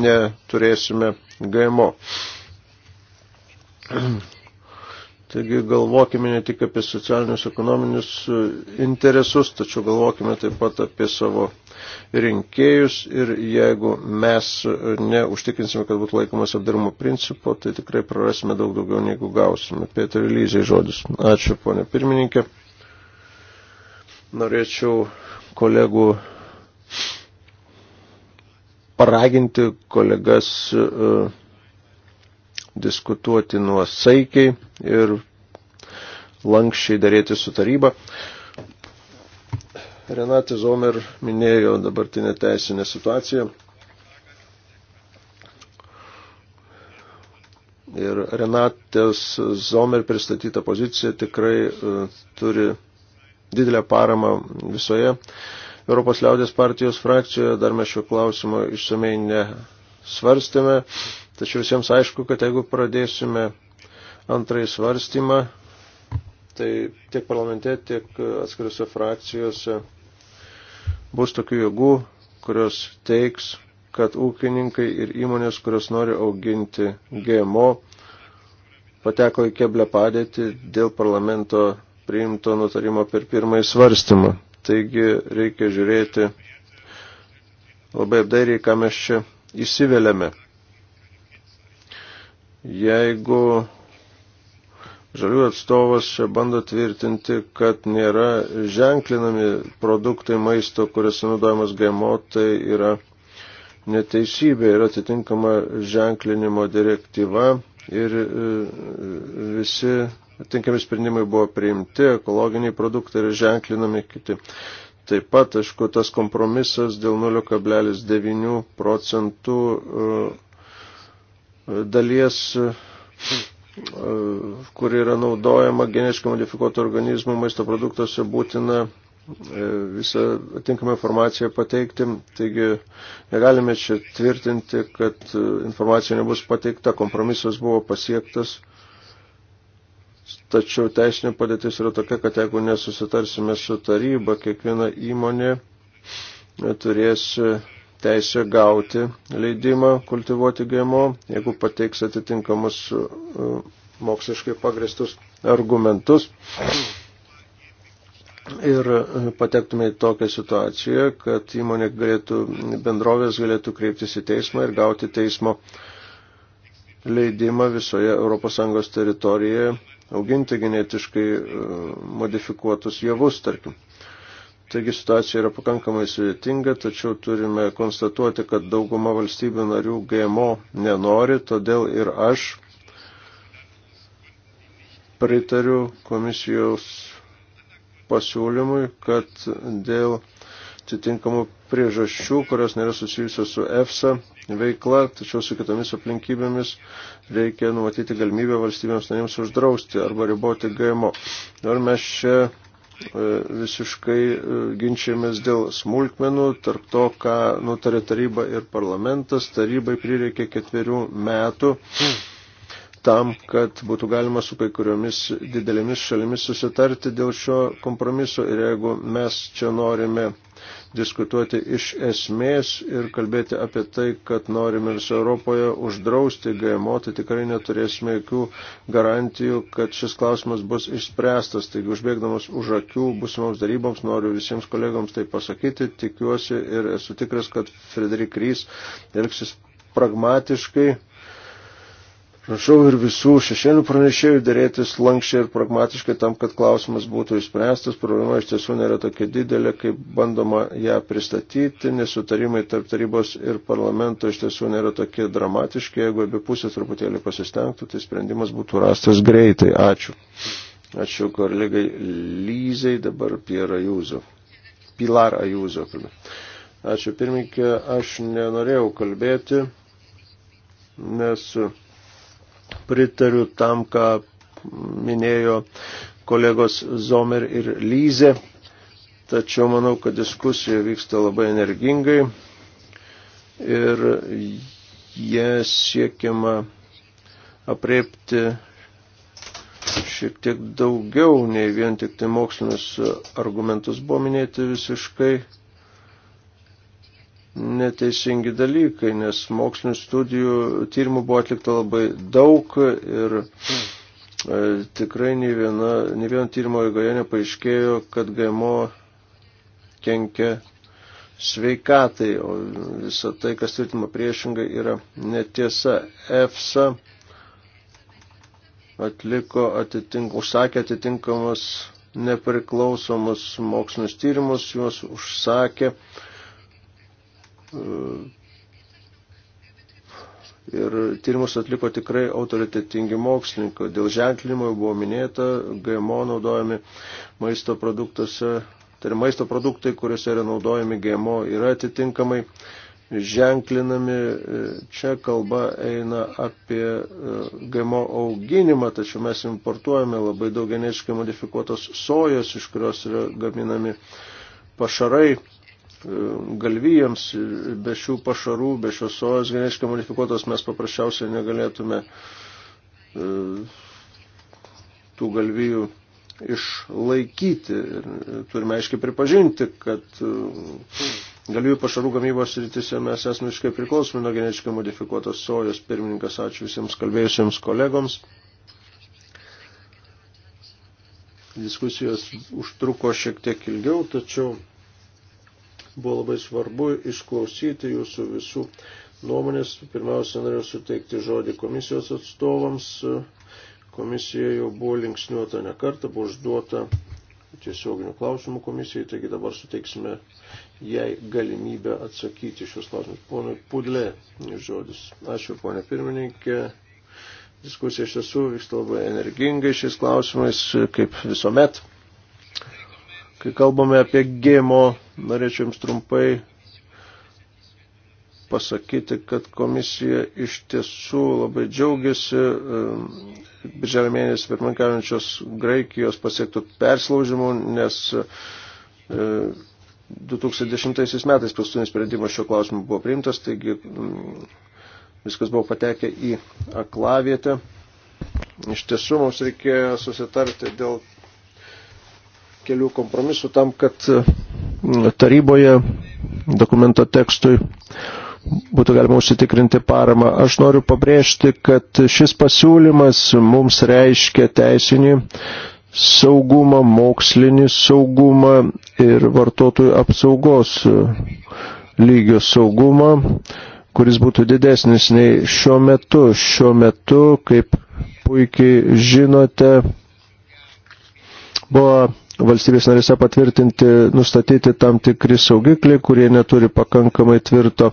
neturėsime GMO. Taigi galvokime ne tik apie socialinius ekonominius e, interesus, tačiau galvokime taip pat apie savo rinkėjus ir jeigu mes e, neužtikrinsime, kad būtų laikomas apdarumo principo, tai tikrai prarasime daug daugiau, negu gausime. Pietur Lyžiai žodis. Ačiū, ponė pirmininkė. Norėčiau kolegų paraginti kolegas. Uh, diskutuoti nuosaikiai ir lankščiai darėti su taryba. Renatė Zomer minėjo dabartinę teisinę situaciją. Ir Renatės Zomer pristatyta pozicija tikrai e, turi didelę paramą visoje Europos liaudės partijos frakcijoje. Dar mes šio klausimo išsamei nesvarstėme. Tačiau visiems aišku, kad jeigu pradėsime antrąjį svarstymą, tai tiek parlamente, tiek atskiriuose frakcijose bus tokių jėgų, kurios teiks, kad ūkininkai ir įmonės, kurios nori auginti GMO, pateko į keblę padėtį dėl parlamento priimto nutarimo per pirmąjį svarstymą. Taigi reikia žiūrėti labai apdairiai, ką mes čia įsiveliame. Jeigu žalių atstovas čia bando tvirtinti, kad nėra ženklinami produktai maisto, kuriuose naudojamas GMO, tai yra neteisybė, yra atitinkama ženklinimo direktyva ir e, visi atitinkami sprendimai buvo priimti, ekologiniai produktai yra ženklinami kiti. Taip pat, aišku, tas kompromisas dėl 0,9 procentų e, dalies, kur yra naudojama geniškai modifikuotų organizmų maisto produktuose, būtina e, visą atinkamą informaciją pateikti. Taigi negalime čia tvirtinti, kad e, informacija nebus pateikta, kompromisas buvo pasiektas. Tačiau teisinė padėtis yra tokia, kad jeigu nesusitarsime su taryba, kiekviena įmonė e, turės teisę gauti leidimą kultivuoti GMO, jeigu pateiks atitinkamus e, moksliškai pagristus argumentus. Ir e, patektume į tokią situaciją, kad įmonė galėtų, bendrovės galėtų kreiptis į teismą ir gauti teismo leidimą visoje ES teritorijoje auginti genetiškai e, modifikuotus javus, tarkim. Taigi situacija yra pakankamai sudėtinga, tačiau turime konstatuoti, kad dauguma valstybių narių GMO nenori, todėl ir aš pritariu komisijos pasiūlymui, kad dėl atitinkamų priežasčių, kurios nėra susijusios su EFSA veikla, tačiau su kitomis aplinkybėmis reikia numatyti galimybę valstybėms narėms uždrausti arba riboti GMO. Ar mes čia E, visiškai e, ginčiamės dėl smulkmenų, tarp to, ką nutarė taryba ir parlamentas. Tarybai prireikė ketverių metų. Hmm tam, kad būtų galima su kai kuriomis didelėmis šalimis susitarti dėl šio kompromiso. Ir jeigu mes čia norime diskutuoti iš esmės ir kalbėti apie tai, kad norime viso Europoje uždrausti GMO, tai tikrai neturėsime jokių garantijų, kad šis klausimas bus išspręstas. Taigi užbėgdamas už akių būsimoms daryboms noriu visiems kolegoms tai pasakyti, tikiuosi ir esu tikras, kad Frederik Rys elgsis pragmatiškai prašau ir visų šešėlių pranešėjų dėrėtis lankščiai ir pragmatiškai tam, kad klausimas būtų išspręstas. Problema iš tiesų nėra tokia didelė, kaip bandoma ją pristatyti. Nesutarimai tarp tarybos ir parlamento iš tiesų nėra tokie dramatiški. Jeigu abi pusės truputėlį pasistengtų, tai sprendimas būtų rastas greitai. Ačiū. Ačiū kolegai Lyzai, dabar Pierre Ajūzo. Pilar Ajūzo. Ačiū pirmininkė, aš nenorėjau kalbėti, nes Pritariu tam, ką minėjo kolegos Zomer ir Lyze, tačiau manau, kad diskusija vyksta labai energingai ir jie siekiama apriepti šiek tiek daugiau nei vien tik tai mokslinius argumentus buvo minėti visiškai neteisingi dalykai, nes mokslinių studijų tyrimų buvo atlikta labai daug ir e, tikrai nei, viena, nei vieno tyrimo eigoje nepaaiškėjo, kad GMO kenkia sveikatai, o visa tai, kas tvirtima priešingai, yra netiesa. EFSA atliko atitink, užsakė atitinkamus nepriklausomus mokslinius tyrimus, juos užsakė E, ir tyrimus atliko tikrai autoritetingi mokslininkai. Dėl ženklinimo jau buvo minėta, GMO naudojami maisto produktuose, tai yra maisto produktai, kuriuose yra naudojami GMO, yra atitinkamai ženklinami. E, čia kalba eina apie e, GMO auginimą, tačiau mes importuojame labai daug genetiškai modifikuotos sojos, iš kurios yra gaminami pašarai galvijams, be šių pašarų, be šios sojos genetiškai modifikuotos mes paprasčiausiai negalėtume e, tų galvijų išlaikyti. Ir turime aiškiai pripažinti, kad e, galvijų pašarų gamybos rytise mes esame iškai priklausomi nuo genetiškai modifikuotos sojos. Pirmininkas, ačiū visiems kalbėjusiems kolegoms. Diskusijos užtruko šiek tiek ilgiau, tačiau Buvo labai svarbu išklausyti jūsų visų nuomonės. Pirmiausia, norėjau suteikti žodį komisijos atstovams. Komisija jau buvo linksniuota ne kartą, buvo užduota tiesioginių klausimų komisijai, taigi dabar suteiksime jai galimybę atsakyti šios klausimus. Ponui Pudlė, žodis. Ačiū, ponė pirmininkė. Diskusija iš tiesų vyksta labai energingai šiais klausimais, kaip visuomet. Kai kalbame apie gėmo, norėčiau jums trumpai pasakyti, kad komisija iš tiesų labai džiaugiasi e, birželio mėnesį pirmininkavinčios Graikijos pasiektų perslaužimų, nes 2010 e, metais paskutinis sprendimas šio klausimu buvo priimtas, taigi mm, viskas buvo patekę į aklavietę. Iš tiesų mums reikėjo susitarti dėl kelių kompromisų tam, kad e, taryboje dokumento tekstui būtų galima užsitikrinti paramą. Aš noriu pabrėžti, kad šis pasiūlymas mums reiškia teisinį saugumą, mokslinį saugumą ir vartotojų apsaugos lygio saugumą, kuris būtų didesnis nei šiuo metu. Šiuo metu, kaip puikiai žinote, buvo valstybės narėse patvirtinti, nustatyti tam tikri saugikliai, kurie neturi pakankamai tvirto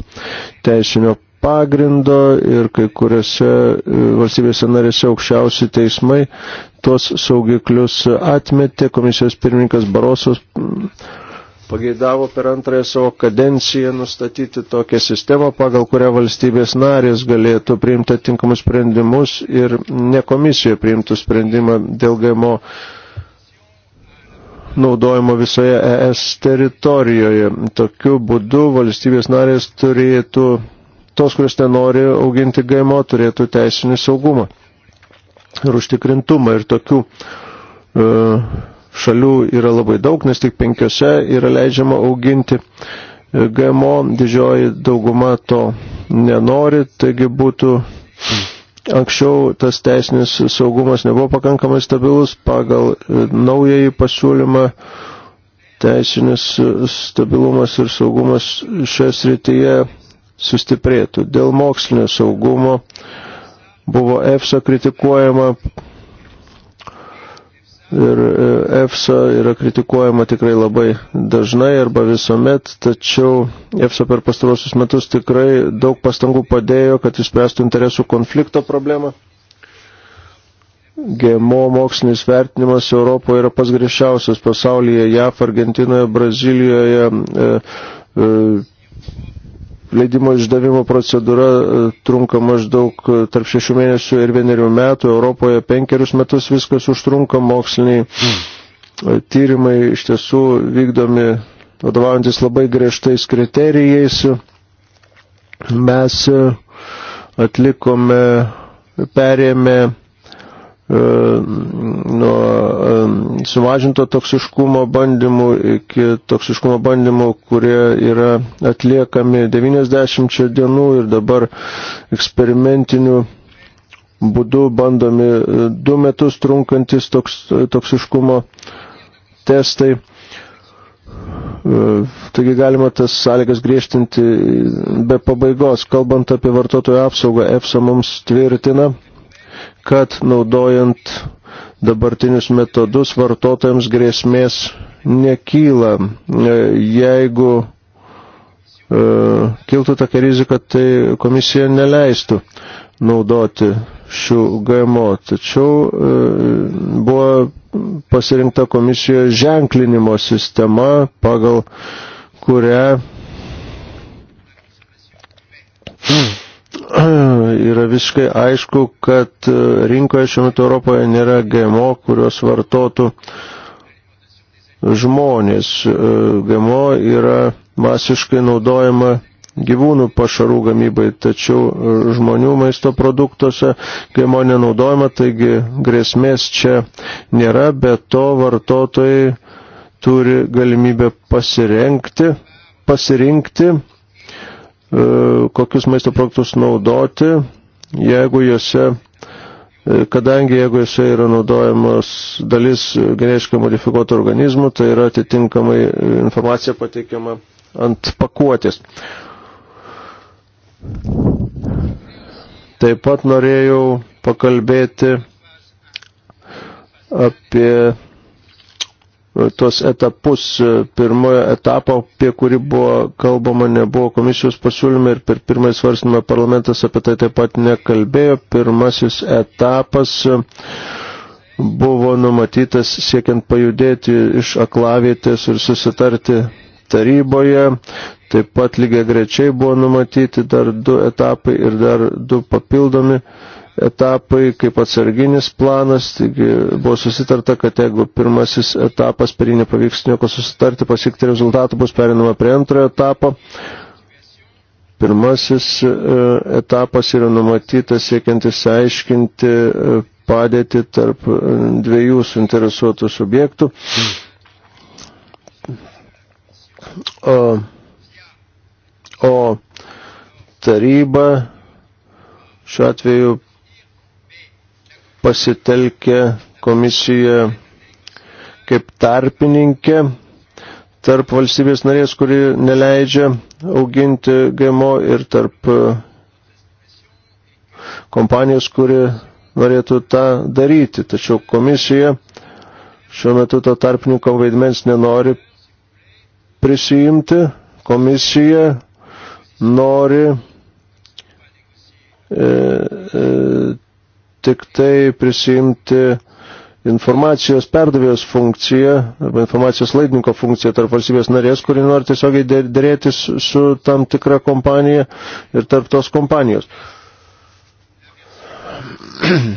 teisinio pagrindo ir kai kuriuose e, valstybėse narėse aukščiausi teismai tuos saugiklius atmetė. Komisijos pirmininkas Barosas mm, pageidavo per antrąją savo kadenciją nustatyti tokią sistemą, pagal kurią valstybės narės galėtų priimti atinkamus sprendimus ir ne komisija priimtų sprendimą dėl GMO naudojimo visoje ES teritorijoje. Tokiu būdu valstybės narės turėtų, tos, kurios nenori auginti GMO, turėtų teisinį saugumą ir užtikrintumą. Ir tokių e, šalių yra labai daug, nes tik penkiose yra leidžiama auginti e, GMO, didžioji dauguma to nenori, taigi būtų Anksčiau tas teisinis saugumas nebuvo pakankamai stabilus, pagal e, naująjį pasiūlymą teisinis e, stabilumas ir saugumas šioje srityje sustiprėtų. Dėl mokslinio saugumo buvo EFSA kritikuojama Ir e, EFSA yra kritikuojama tikrai labai dažnai arba visuomet, tačiau EFSA per pastarosius metus tikrai daug pastangų padėjo, kad išspręstų interesų konflikto problemą. GMO mokslinis vertinimas Europoje yra pas griežčiausias pasaulyje, JAF, Argentinoje, Brazilijoje. E, e, leidimo išdavimo procedūra e, trunka maždaug e, tarp šešių mėnesių ir vienerių metų, Europoje penkerius metus viskas užtrunka, moksliniai e, tyrimai iš tiesų vykdomi vadovaujantis labai griežtais kriterijais. Mes atlikome, perėmė nuo sumažinto toksiškumo bandymų iki toksiškumo bandymų, kurie yra atliekami 90 dienų ir dabar eksperimentiniu būdu bandomi e, du metus trunkantis toks, toksiškumo testai. E, taigi galima tas sąlygas griežtinti be pabaigos. Kalbant apie vartotojų apsaugą, EFSA mums tvirtina, kad naudojant dabartinius metodus vartotojams grėsmės nekyla. E, jeigu e, kiltų tokia rizika, tai komisija neleistų naudoti šių GMO. Tačiau e, buvo pasirinkta komisijoje ženklinimo sistema, pagal kurią [clears throat] [clears throat] yra visiškai aišku, kad e, rinkoje šiuo metu Europoje nėra GMO, kurios vartotų žmonės. E, GMO yra masiškai naudojama gyvūnų pašarų gamybai, tačiau e, žmonių maisto produktuose GMO nenaudojama, taigi grėsmės čia nėra, bet to vartotojai turi galimybę pasirenkti, pasirinkti, pasirinkti E, kokius maisto produktus naudoti, jeigu juose, e, kadangi jeigu juose yra naudojamos dalis genetiškai modifikuotų organizmų, tai yra atitinkamai e, informacija pateikiama ant pakuotės. Taip pat norėjau pakalbėti apie tuos etapus. E, pirmojo etapo, apie kurį buvo kalbama, nebuvo komisijos pasiūlymai ir per pirmąjį svarstymą parlamentas apie tai taip pat nekalbėjo. Pirmasis etapas e, buvo numatytas siekiant pajudėti iš aklavietės ir susitarti taryboje. Taip pat lygiai grečiai buvo numatyti dar du etapai ir dar du papildomi etapai kaip atsarginis planas, taigi buvo susitarta, kad jeigu pirmasis etapas per jį nepavyks nieko susitarti, pasiekti rezultatų, bus perinama prie antrojo etapo. Pirmasis e, etapas yra numatytas siekiant įsiaiškinti e, padėti tarp e, dviejų suinteresuotų subjektų. O, o taryba šiuo atveju pasitelkė komisiją kaip tarpininkė tarp valstybės narės, kuri neleidžia auginti GMO ir tarp e, kompanijos, kuri norėtų tą daryti. Tačiau komisija šiuo metu to tarpininko vaidmens nenori prisijimti. Komisija nori e, e, tik tai prisijimti informacijos perdavėjos funkciją arba informacijos laidinko funkciją tarp valstybės narės, kuri nori tiesiogiai dėrėtis su tam tikra kompanija ir tarp tos kompanijos. [clears throat]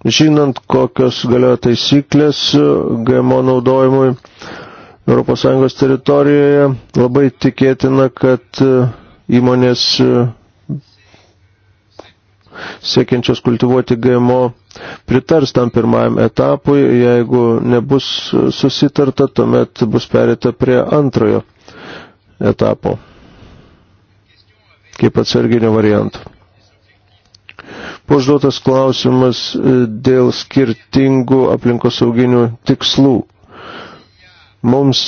Žinant, kokios galioja taisyklės GMO naudojimui ES teritorijoje, labai tikėtina, kad įmonės e, siekiančios kultivuoti GMO pritars tam pirmajam etapui, jeigu nebus susitarta, tuomet bus perėta prie antrojo etapo kaip atsarginio varianto. Užduotas klausimas e, dėl skirtingų aplinkosauginių tikslų. Mums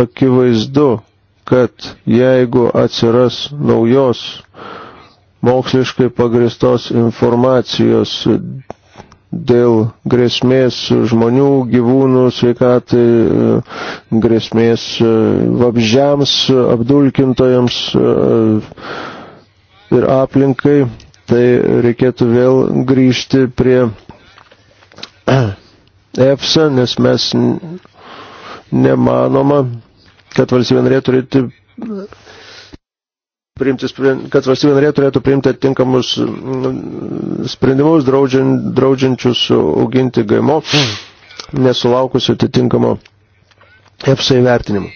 akivaizdu, kad jeigu atsiras naujos moksliškai pagristos informacijos dėl grėsmės žmonių, gyvūnų, sveikatai, grėsmės vabžiams, apdulkintojams e, ir aplinkai, tai reikėtų vėl grįžti prie [clears throat] EFSA, nes mes nemanoma, kad valstybė narė turėtų priimti, kad valstybė narė turėtų priimti atitinkamus mm, sprendimus draudžiant, draudžiančius auginti GMO, hmm. nesulaukus atitinkamo EFSA įvertinimo.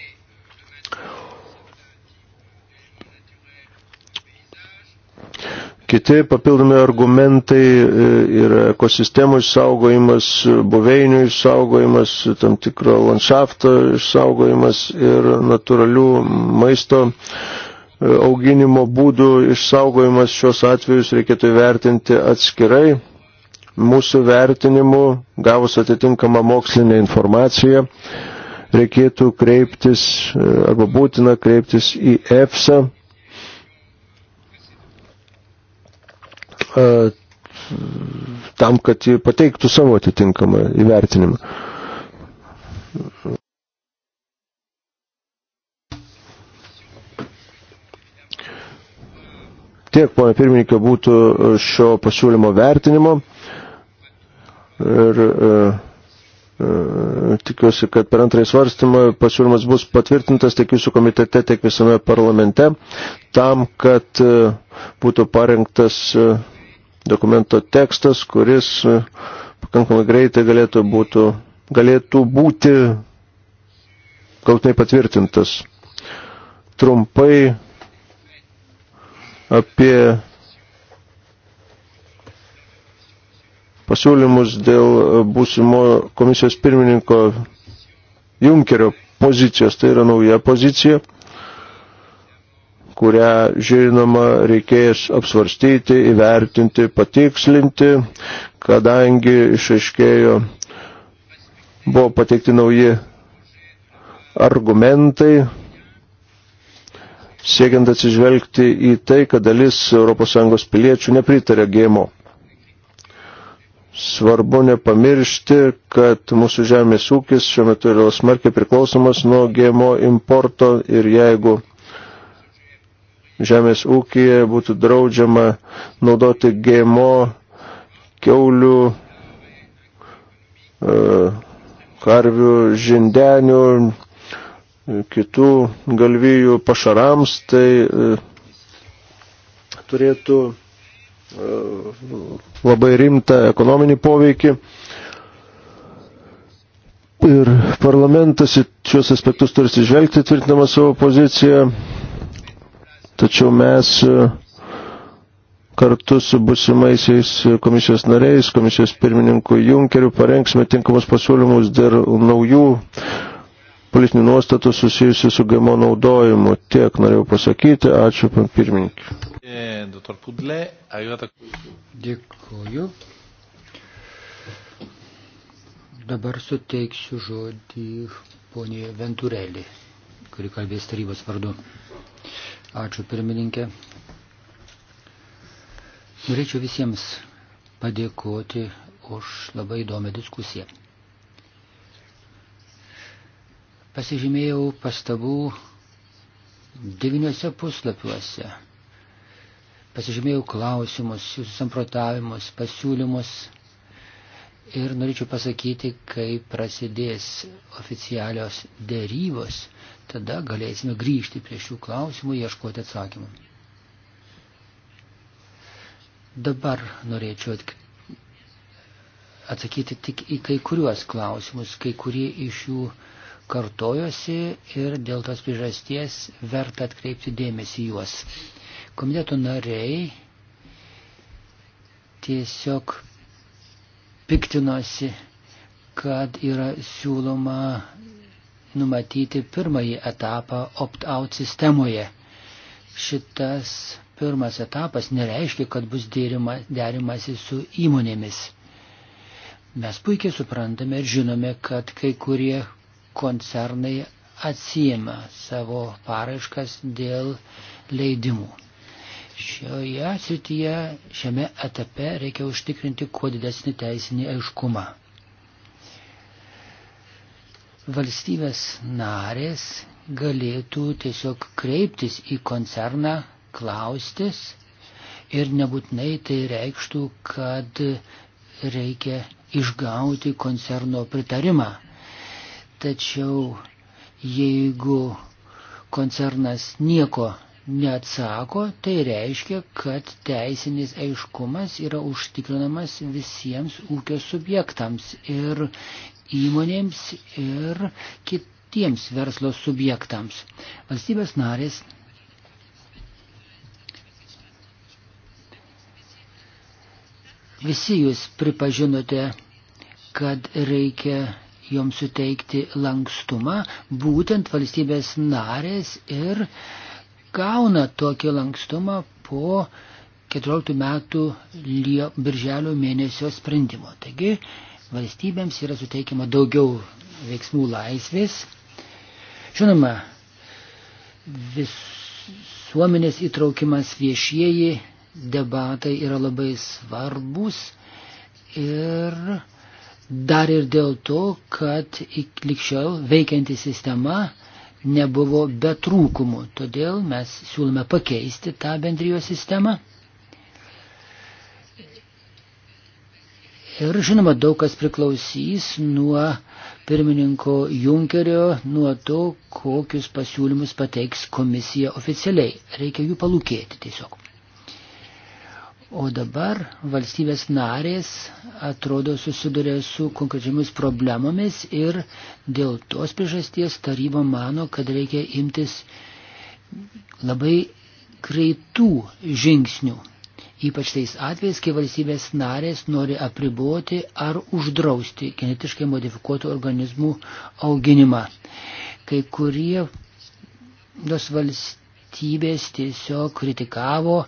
Kiti papildomi argumentai e, yra ekosistemų išsaugojimas, buveinių išsaugojimas, tam tikro landšafto išsaugojimas ir natūralių maisto e, auginimo būdų išsaugojimas šios atvejus reikėtų vertinti atskirai. Mūsų vertinimu, gavus atitinkamą mokslinę informaciją, reikėtų kreiptis e, arba būtina kreiptis į EFSA E, tam, kad ji pateiktų savo atitinkamą įvertinimą. Tiek, pana pirmininkė, būtų šio pasiūlymo vertinimo ir e, e, tikiuosi, kad per antrąjį svarstymą pasiūlymas bus patvirtintas tiek jūsų komitete, tiek visame parlamente, tam, kad e, būtų parengtas e, dokumento tekstas, kuris e, pakankamai greitai galėtų, būtų, galėtų būti galtinai patvirtintas. Trumpai apie pasiūlymus dėl būsimo komisijos pirmininko Junkerio pozicijos. Tai yra nauja pozicija kurią žinoma reikės apsvarstyti, įvertinti, patikslinti, kadangi išaiškėjo, buvo pateikti nauji argumentai, siekiant atsižvelgti į tai, kad dalis ES piliečių nepritarė gėmo. Svarbu nepamiršti, kad mūsų žemės ūkis šiuo metu yra smarkiai priklausomas nuo gėmo importo ir jeigu žemės ūkija būtų draudžiama naudoti GMO keulių, e, karvių, žindenių, kitų galvijų pašarams, tai e, turėtų e, labai rimtą ekonominį poveikį. Ir parlamentas šios aspektus turi sižvelgti, tvirtinama savo poziciją. Tačiau mes e, kartu su busimaisiais komisijos nariais, komisijos pirmininku Junkeriu parengsime tinkamus pasiūlymus dėl naujų politinių nuostatų susijusių su GMO naudojimu. Tiek norėjau pasakyti. Ačiū pirmininkai. Dėkuoju. Dabar suteiksiu žodį poniai Venturelį, kuri kalbės tarybos vardu. Ačiū pirmininkė. Norėčiau visiems padėkoti už labai įdomią diskusiją. Pasižymėjau pastabų devyniuose puslapiuose. Pasižymėjau klausimus, jūsų samprotavimus, pasiūlymus. Ir norėčiau pasakyti, kai prasidės oficialios dėrybos, tada galėsime grįžti prie šių klausimų, ieškoti atsakymų. Dabar norėčiau atsakyti tik į kai kuriuos klausimus, kai kurie iš jų kartojosi ir dėl tos priežasties verta atkreipti dėmesį juos. Komiteto nariai tiesiog piktinosi, kad yra siūloma numatyti pirmąjį etapą opt-out sistemoje. Šitas pirmas etapas nereiškia, kad bus dėrima, derimasi su įmonėmis. Mes puikiai suprantame ir žinome, kad kai kurie koncernai atsijima savo paraiškas dėl leidimų. Šioje srityje, šiame etape reikia užtikrinti kuo didesnį teisinį aiškumą. Valstybės narės galėtų tiesiog kreiptis į koncerną, klaustis ir nebūtinai tai reikštų, kad reikia išgauti koncerno pritarimą. Tačiau jeigu koncernas nieko neatsako, tai reiškia, kad teisinis aiškumas yra užtikrinamas visiems ūkio subjektams ir įmonėms ir kitiems verslo subjektams. Valstybės narės visi jūs pripažinote, kad reikia joms suteikti lankstumą, būtent valstybės narės ir uh, gauna tokį lankstumą po 14 metų birželio mėnesio sprendimo. Taigi valstybėms yra suteikiama daugiau veiksmų laisvės. Žinoma, visuomenės įtraukimas viešieji debatai yra labai svarbus ir dar ir dėl to, kad likščiau veikianti sistema nebuvo be trūkumų. Todėl mes siūlome pakeisti tą bendrijos sistemą. Ir žinoma, daug kas priklausys nuo pirmininko Junkerio, nuo to, kokius pasiūlymus pateiks komisija oficialiai. Reikia jų palūkėti tiesiog. O dabar valstybės narės atrodo susiduria su konkrečiamis problemomis ir dėl tos priežasties taryba mano, kad reikia imtis labai greitų žingsnių. Ypač tais atvejais, kai valstybės narės nori apriboti ar uždrausti genetiškai modifikuotų organizmų auginimą. Kai kurie tos valstybės tiesiog kritikavo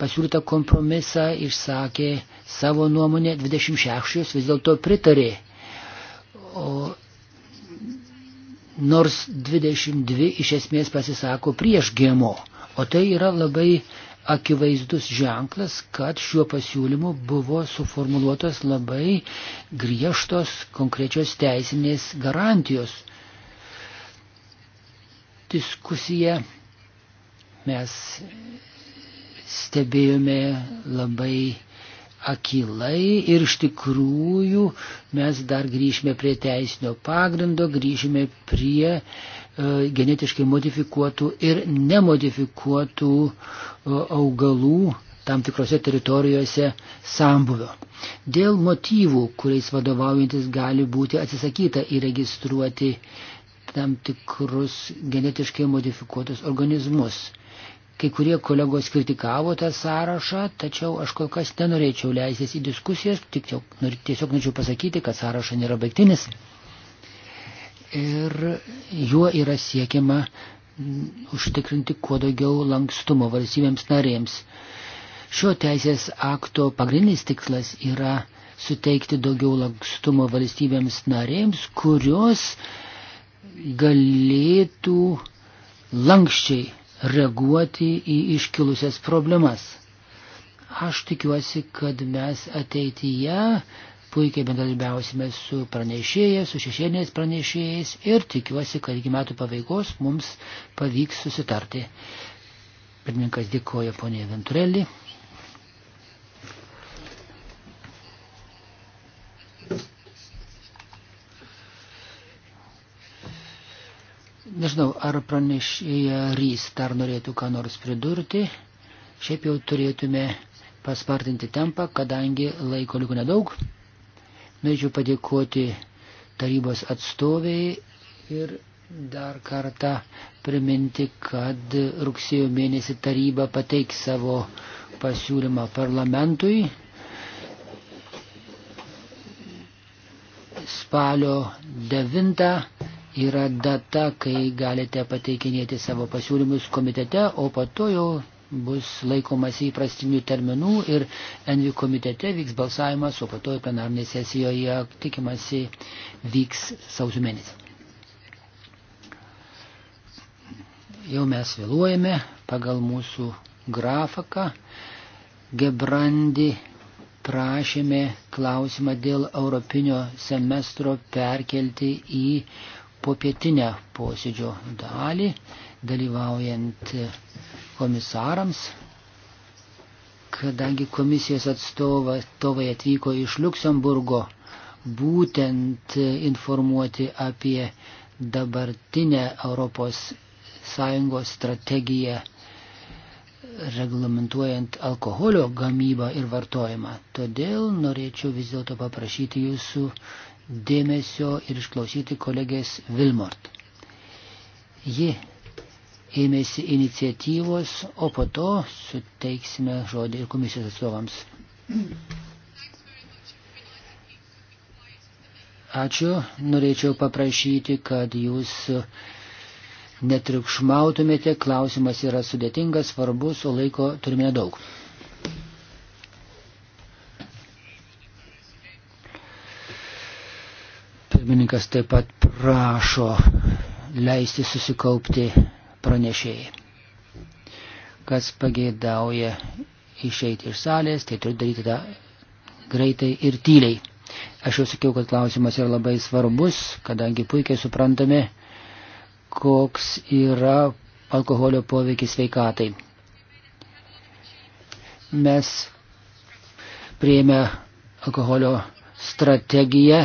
pasiūlytą kompromisą, išsakė savo nuomonę, 26 vis dėlto pritarė. O nors 22 iš esmės pasisako prieš GMO. O tai yra labai akivaizdus ženklas, kad šiuo pasiūlymu buvo suformuluotos labai griežtos konkrečios teisinės garantijos. Diskusiją mes stebėjome labai akilai ir iš tikrųjų mes dar grįžime prie teisinio pagrindo, grįžime prie e, genetiškai modifikuotų ir nemodifikuotų e, augalų tam tikrose teritorijose sambuvio. Dėl motyvų, kuriais vadovaujantis gali būti atsisakyta įregistruoti tam tikrus genetiškai modifikuotus organizmus. Kai kurie kolegos kritikavo tą sąrašą, tačiau aš kol kas nenorėčiau leistis į diskusijas, tik tiesiog norėčiau pasakyti, kad sąrašas nėra baigtinis. Ir juo yra siekiama mm, užtikrinti kuo daugiau lankstumo valstybėms narėms. Šio teisės akto pagrindinis tikslas yra suteikti daugiau lankstumo valstybėms narėms, kurios galėtų lankščiai reaguoti į iškilusias problemas. Aš tikiuosi, kad mes ateityje puikiai bendradarbiausime su pranešėjais, su šešėliniais pranešėjais ir tikiuosi, kad iki metų pabaigos mums pavyks susitarti. Pirmininkas dėkoja ponė Venturelį. Nežinau, ar pranešėja Rys dar norėtų ką nors pridurti. Šiaip jau turėtume paspartinti tempą, kadangi laiko liko nedaug. Norėčiau padėkoti tarybos atstoviai ir dar kartą priminti, kad rugsėjo mėnesį taryba pateiks savo pasiūlymą parlamentui. Spalio 9 yra data, kai galite pateikinėti savo pasiūlymus komitete, o po to jau bus laikomas įprastinių terminų ir Envi komitete vyks balsavimas, o po to plenarnėje sesijoje tikimasi vyks sausio mėnesį. Jau mes vėluojame pagal mūsų grafiką. Gebrandi prašėme klausimą dėl europinio semestro perkelti į popietinę posėdžio dalį, dalyvaujant komisarams, kadangi komisijos atstovai atvyko iš Luksemburgo būtent informuoti apie dabartinę Europos Sąjungos strategiją reglamentuojant alkoholio gamybą ir vartojimą. Todėl norėčiau vis dėlto paprašyti jūsų dėmesio ir išklausyti kolegės Vilmort. Ji ėmėsi iniciatyvos, o po to suteiksime žodį ir komisijos atstovams. Ačiū. Norėčiau paprašyti, kad jūs netriukšmautumėte. Klausimas yra sudėtingas, svarbus, o laiko turime daug. Pirmininkas taip pat prašo leisti susikaupti pranešėjai. Kas pageidauja išeiti iš salės, tai turi daryti tą greitai ir tyliai. Aš jau sakiau, kad klausimas yra labai svarbus, kadangi puikiai suprantame, koks yra alkoholio poveikis sveikatai. Mes prieėmė alkoholio strategiją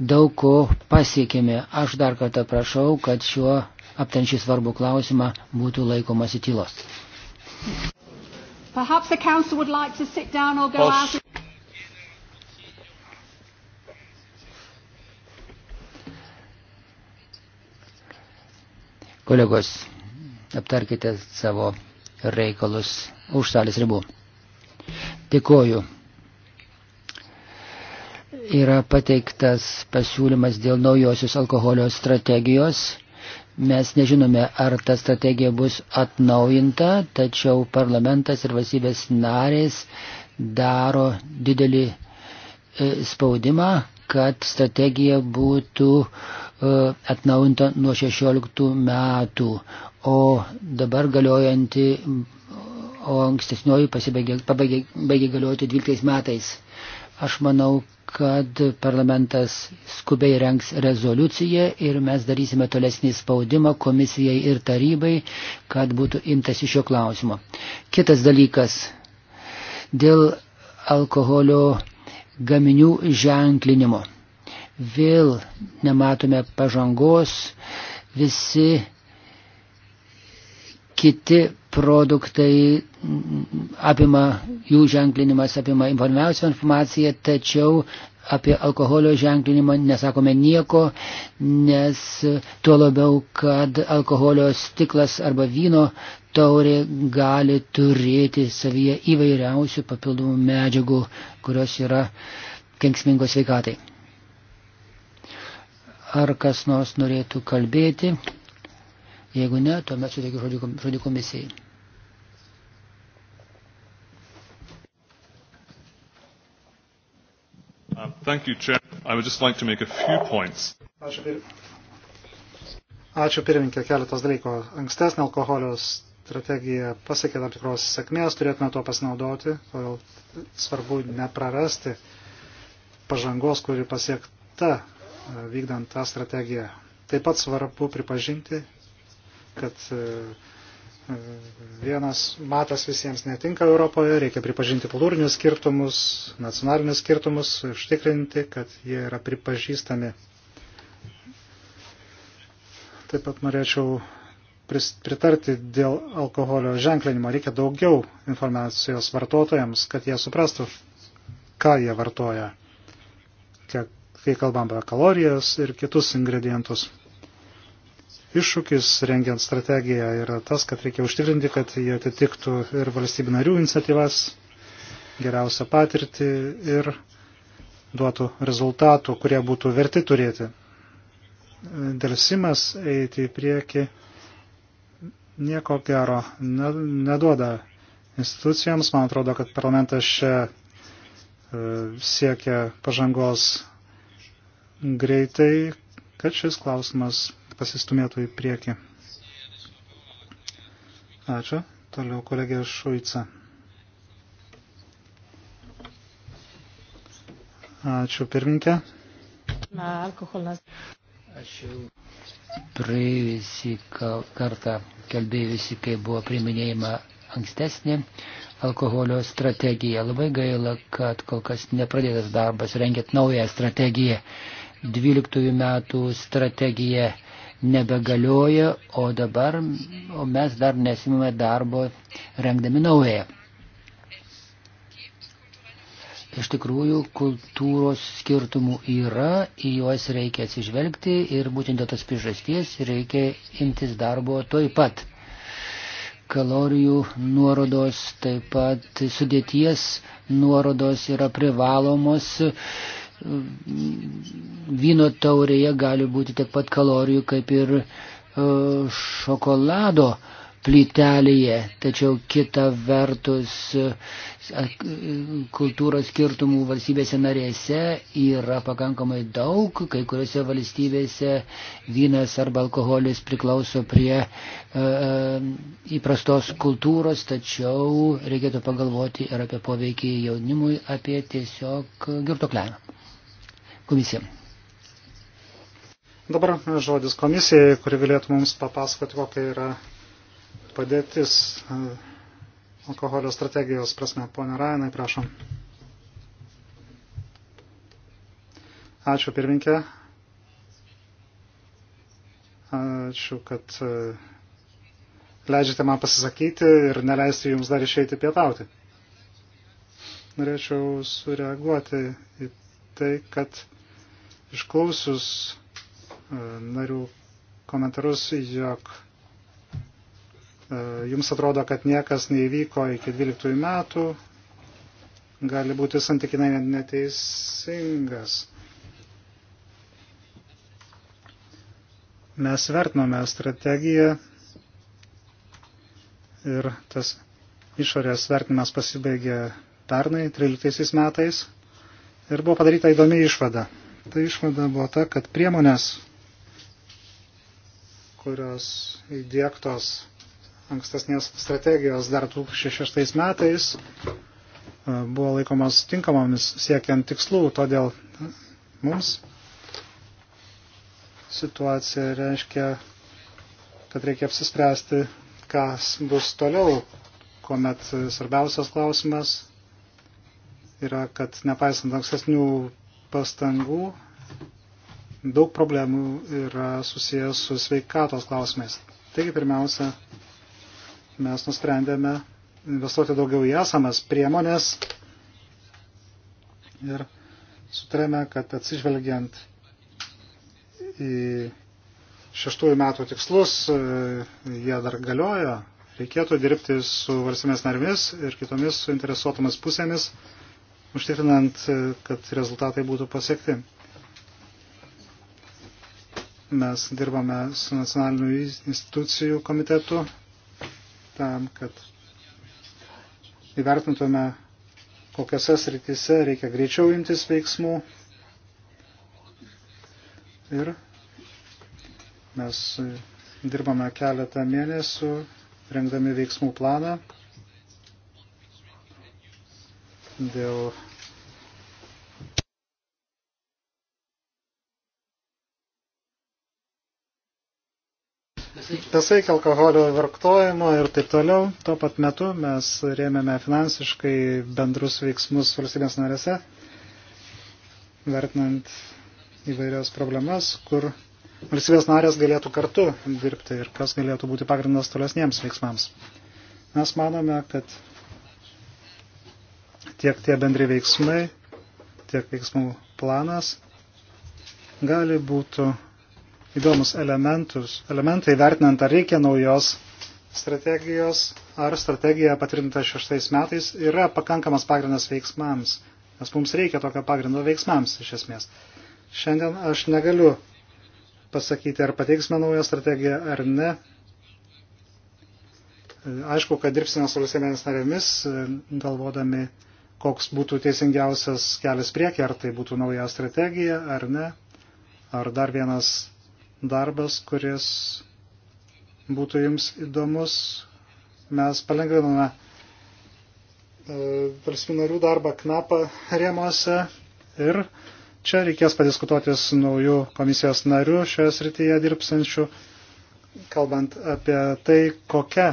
daug ko pasiekėme. Aš dar kartą prašau, kad šiuo aptančiai svarbu klausimą būtų laikomasi tylos. Like Kolegos, aptarkite savo reikalus už salės ribų. Dėkoju yra pateiktas pasiūlymas dėl naujosios alkoholio strategijos. Mes nežinome, ar ta strategija bus atnaujinta, tačiau parlamentas ir valstybės narės daro didelį e, spaudimą, kad strategija būtų e, atnaujinta nuo 16 metų, o dabar galiojanti, o ankstesnioji pabaigė galioti 12 metais. Aš manau, kad parlamentas skubiai renks rezoliuciją ir mes darysime tolesnį spaudimą komisijai ir tarybai, kad būtų imtas iš šio klausimo. Kitas dalykas. Dėl alkoholio gaminių ženklinimo. Vėl nematome pažangos, visi kiti produktai apima, jų ženklinimas apima informaciją informaciją, tačiau apie alkoholio ženklinimą nesakome nieko, nes tuo labiau, kad alkoholio stiklas arba vyno taurė gali turėti savyje įvairiausių papildomų medžiagų, kurios yra kenksmingos sveikatai. Ar kas nors norėtų kalbėti? Jeigu ne, tuomet suteikiu žodį komisijai. Uh, thank you, Chair. I would just like to make a few points. Ačiū, pir... Ačiū pirmininkė, keletas dalykų. Ankstesnė alkoholio strategija pasiekė tam tikros sėkmės, turėtume to pasinaudoti, todėl svarbu neprarasti pažangos, kuri pasiekta uh, vykdant tą strategiją. Taip pat svarbu pripažinti, kad e, e, vienas matas visiems netinka Europoje, reikia pripažinti kultūrinius skirtumus, nacionalinius skirtumus, užtikrinti, kad jie yra pripažįstami. Taip pat norėčiau pritarti dėl alkoholio ženklinimo. Reikia daugiau informacijos vartotojams, kad jie suprastų, ką jie vartoja, kiek, kai kalbam apie kalorijas ir kitus ingredientus iššūkis rengiant strategiją yra tas, kad reikia užtikrinti, kad jie atitiktų ir valstybių narių iniciatyvas, geriausią patirtį ir duotų rezultatų, kurie būtų verti turėti. Dėlsimas eiti į priekį nieko gero neduoda institucijoms. Man atrodo, kad parlamentas čia e, siekia pažangos greitai, kad šis klausimas pasistumėtų į priekį. Ačiū. Toliau kolegė Šuica. Ačiū pirminkė. Na, alkoholnas. Aš jau praėjusį kartą kalbėjusi, kai buvo priminėjama ankstesnė alkoholio strategija. Labai gaila, kad kol kas nepradėtas darbas, rengiant naują strategiją. 12 metų strategija nebegalioja, o dabar o mes dar nesimame darbo rengdami naują. Iš tikrųjų, kultūros skirtumų yra, į juos reikia atsižvelgti ir būtent dėl tos priežasties reikia imtis darbo toj pat. Kalorijų nuorodos, taip pat sudėties nuorodos yra privalomos vyno taurėje gali būti tiek pat kalorijų kaip ir e, šokolado plytelėje, tačiau kita vertus e, kultūros skirtumų valstybėse narėse yra pakankamai daug, kai kuriuose valstybėse vynas arba alkoholis priklauso prie e, e įprastos kultūros, tačiau reikėtų pagalvoti ir apie poveikį jaunimui, apie tiesiog girtuklę komisija. Dabar žodis komisijai, kuri galėtų mums papasakoti, kokia yra padėtis e, alkoholio strategijos prasme. Pone Rajanai, prašom. Ačiū pirminkė. Ačiū, kad e, leidžiate man pasisakyti ir neleisti jums dar išeiti pietauti. Norėčiau sureaguoti į tai, kad Išklausus e, narių komentarus, jog e, jums atrodo, kad niekas neįvyko iki 12 metų, gali būti santykinai neteisingas. Mes vertinome strategiją ir tas išorės vertinimas pasibaigė pernai, 13 metais, ir buvo padaryta įdomi išvada. Tai išvada buvo ta, kad priemonės, kurios įdėktos ankstesnės strategijos dar 2006 metais, e, buvo laikomos tinkamomis siekiant tikslų, todėl e, mums situacija reiškia, kad reikia apsispręsti, kas bus toliau, kuomet svarbiausias klausimas yra, kad nepaisant ankstesnių pastangų. Daug problemų yra susijęs su sveikatos klausimais. Taigi pirmiausia, mes nusprendėme investuoti daugiau į esamas priemonės ir sutarėme, kad atsižvelgiant į šeštųjų metų tikslus, e, jie dar galioja, reikėtų dirbti su varsimės narmis ir kitomis suinteresuotomis pusėmis, užtikrinant, e, kad rezultatai būtų pasiekti. Mes dirbame su nacionaliniu institucijų komitetu tam, kad įvertintume, kokiose srityse reikia greičiau imtis veiksmų. Ir mes dirbame keletą mėnesių, rengdami veiksmų planą, dėl besaik alkoholio vartojimo ir taip toliau. Tuo pat metu mes rėmėme finansiškai bendrus veiksmus valstybės narėse, vertinant įvairios problemas, kur valstybės narės galėtų kartu dirbti ir kas galėtų būti pagrindas tolesniems veiksmams. Mes manome, kad tiek tie bendri veiksmai, tiek veiksmų planas gali būti įdomus elementai, vertinant, ar reikia naujos strategijos, ar strategija patvirtinta šeštais metais yra pakankamas pagrindas veiksmams, nes mums reikia tokio pagrindo veiksmams iš esmės. Šiandien aš negaliu pasakyti, ar pateiksime naują strategiją ar ne. Aišku, kad dirbsime su valstybėmis narėmis, galvodami koks būtų teisingiausias kelias priekį, ar tai būtų nauja strategija ar ne, ar dar vienas darbas, kuris būtų jums įdomus. Mes palengvinome e, valstybinarių darbą knapą rėmose ir čia reikės padiskutuoti su naujų komisijos nariu šioje srityje dirbsančiu, kalbant apie tai, kokia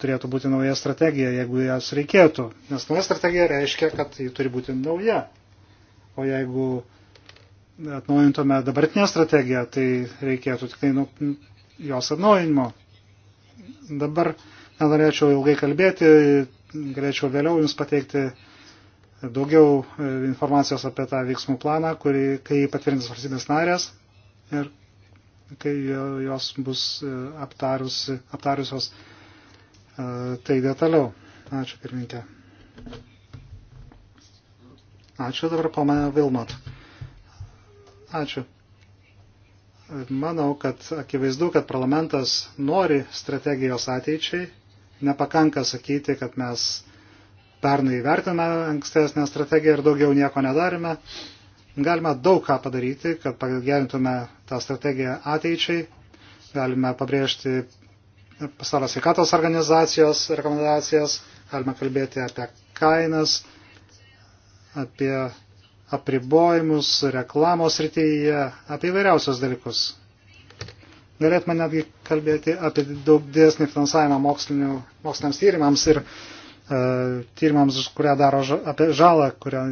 turėtų būti nauja strategija, jeigu jas reikėtų. Nes nauja strategija reiškia, kad ji turi būti nauja. O jeigu atnaujintume dabartinę strategiją, tai reikėtų tik tai nu, jos atnaujinimo. Dabar nenorėčiau ilgai kalbėti, galėčiau vėliau Jums pateikti daugiau e, informacijos apie tą veiksmų planą, kurį, kai patvirtins valstybės narės ir kai jos bus e, aptarus, aptarusios E, tai detaliau. Ačiū pirmininkė. Ačiū dabar po mane Vilmot. Ačiū. Manau, kad akivaizdu, kad parlamentas nori strategijos ateičiai. Nepakanka sakyti, kad mes pernai vertiname ankstesnę strategiją ir daugiau nieko nedarėme. Galime daug ką padaryti, kad pagerintume tą strategiją ateičiai. Galime pabrėžti pasaulio sveikatos organizacijos rekomendacijas, galima kalbėti apie kainas, apie apribojimus reklamos rytyje, apie įvairiausios dalykus. Galėtume netgi kalbėti apie daug didesnį finansavimą moksliniams tyrimams ir e, tyrimams, kurią daro apie žalą, kurią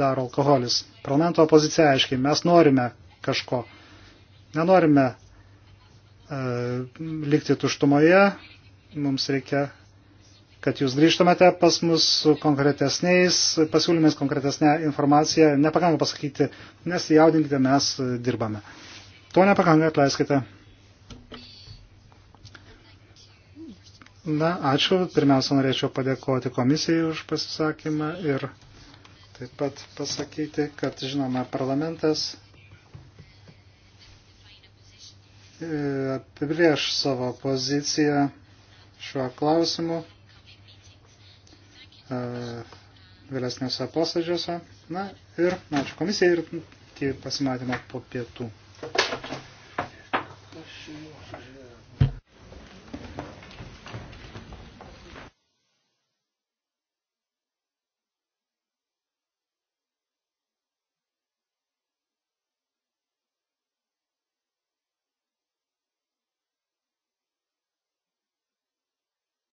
daro alkoholis. Parlamento opozicija aiškiai, mes norime kažko. Nenorime E, likti tuštumoje, mums reikia, kad jūs grįžtumėte pas mus su konkretesniais pasiūlymais, konkretesnė informacija. Nepakanka pasakyti, nesijaudinkite, mes dirbame. To nepakanka, atleiskite. Na, ačiū. Pirmiausia, norėčiau padėkoti komisijai už pasisakymą ir taip pat pasakyti, kad, žinoma, parlamentas E, apibrieš savo poziciją šiuo klausimu e, vėlesniuose posėdžiuose. Na ir ačiū komisijai ir iki pasimatymo po pietų. Aš jau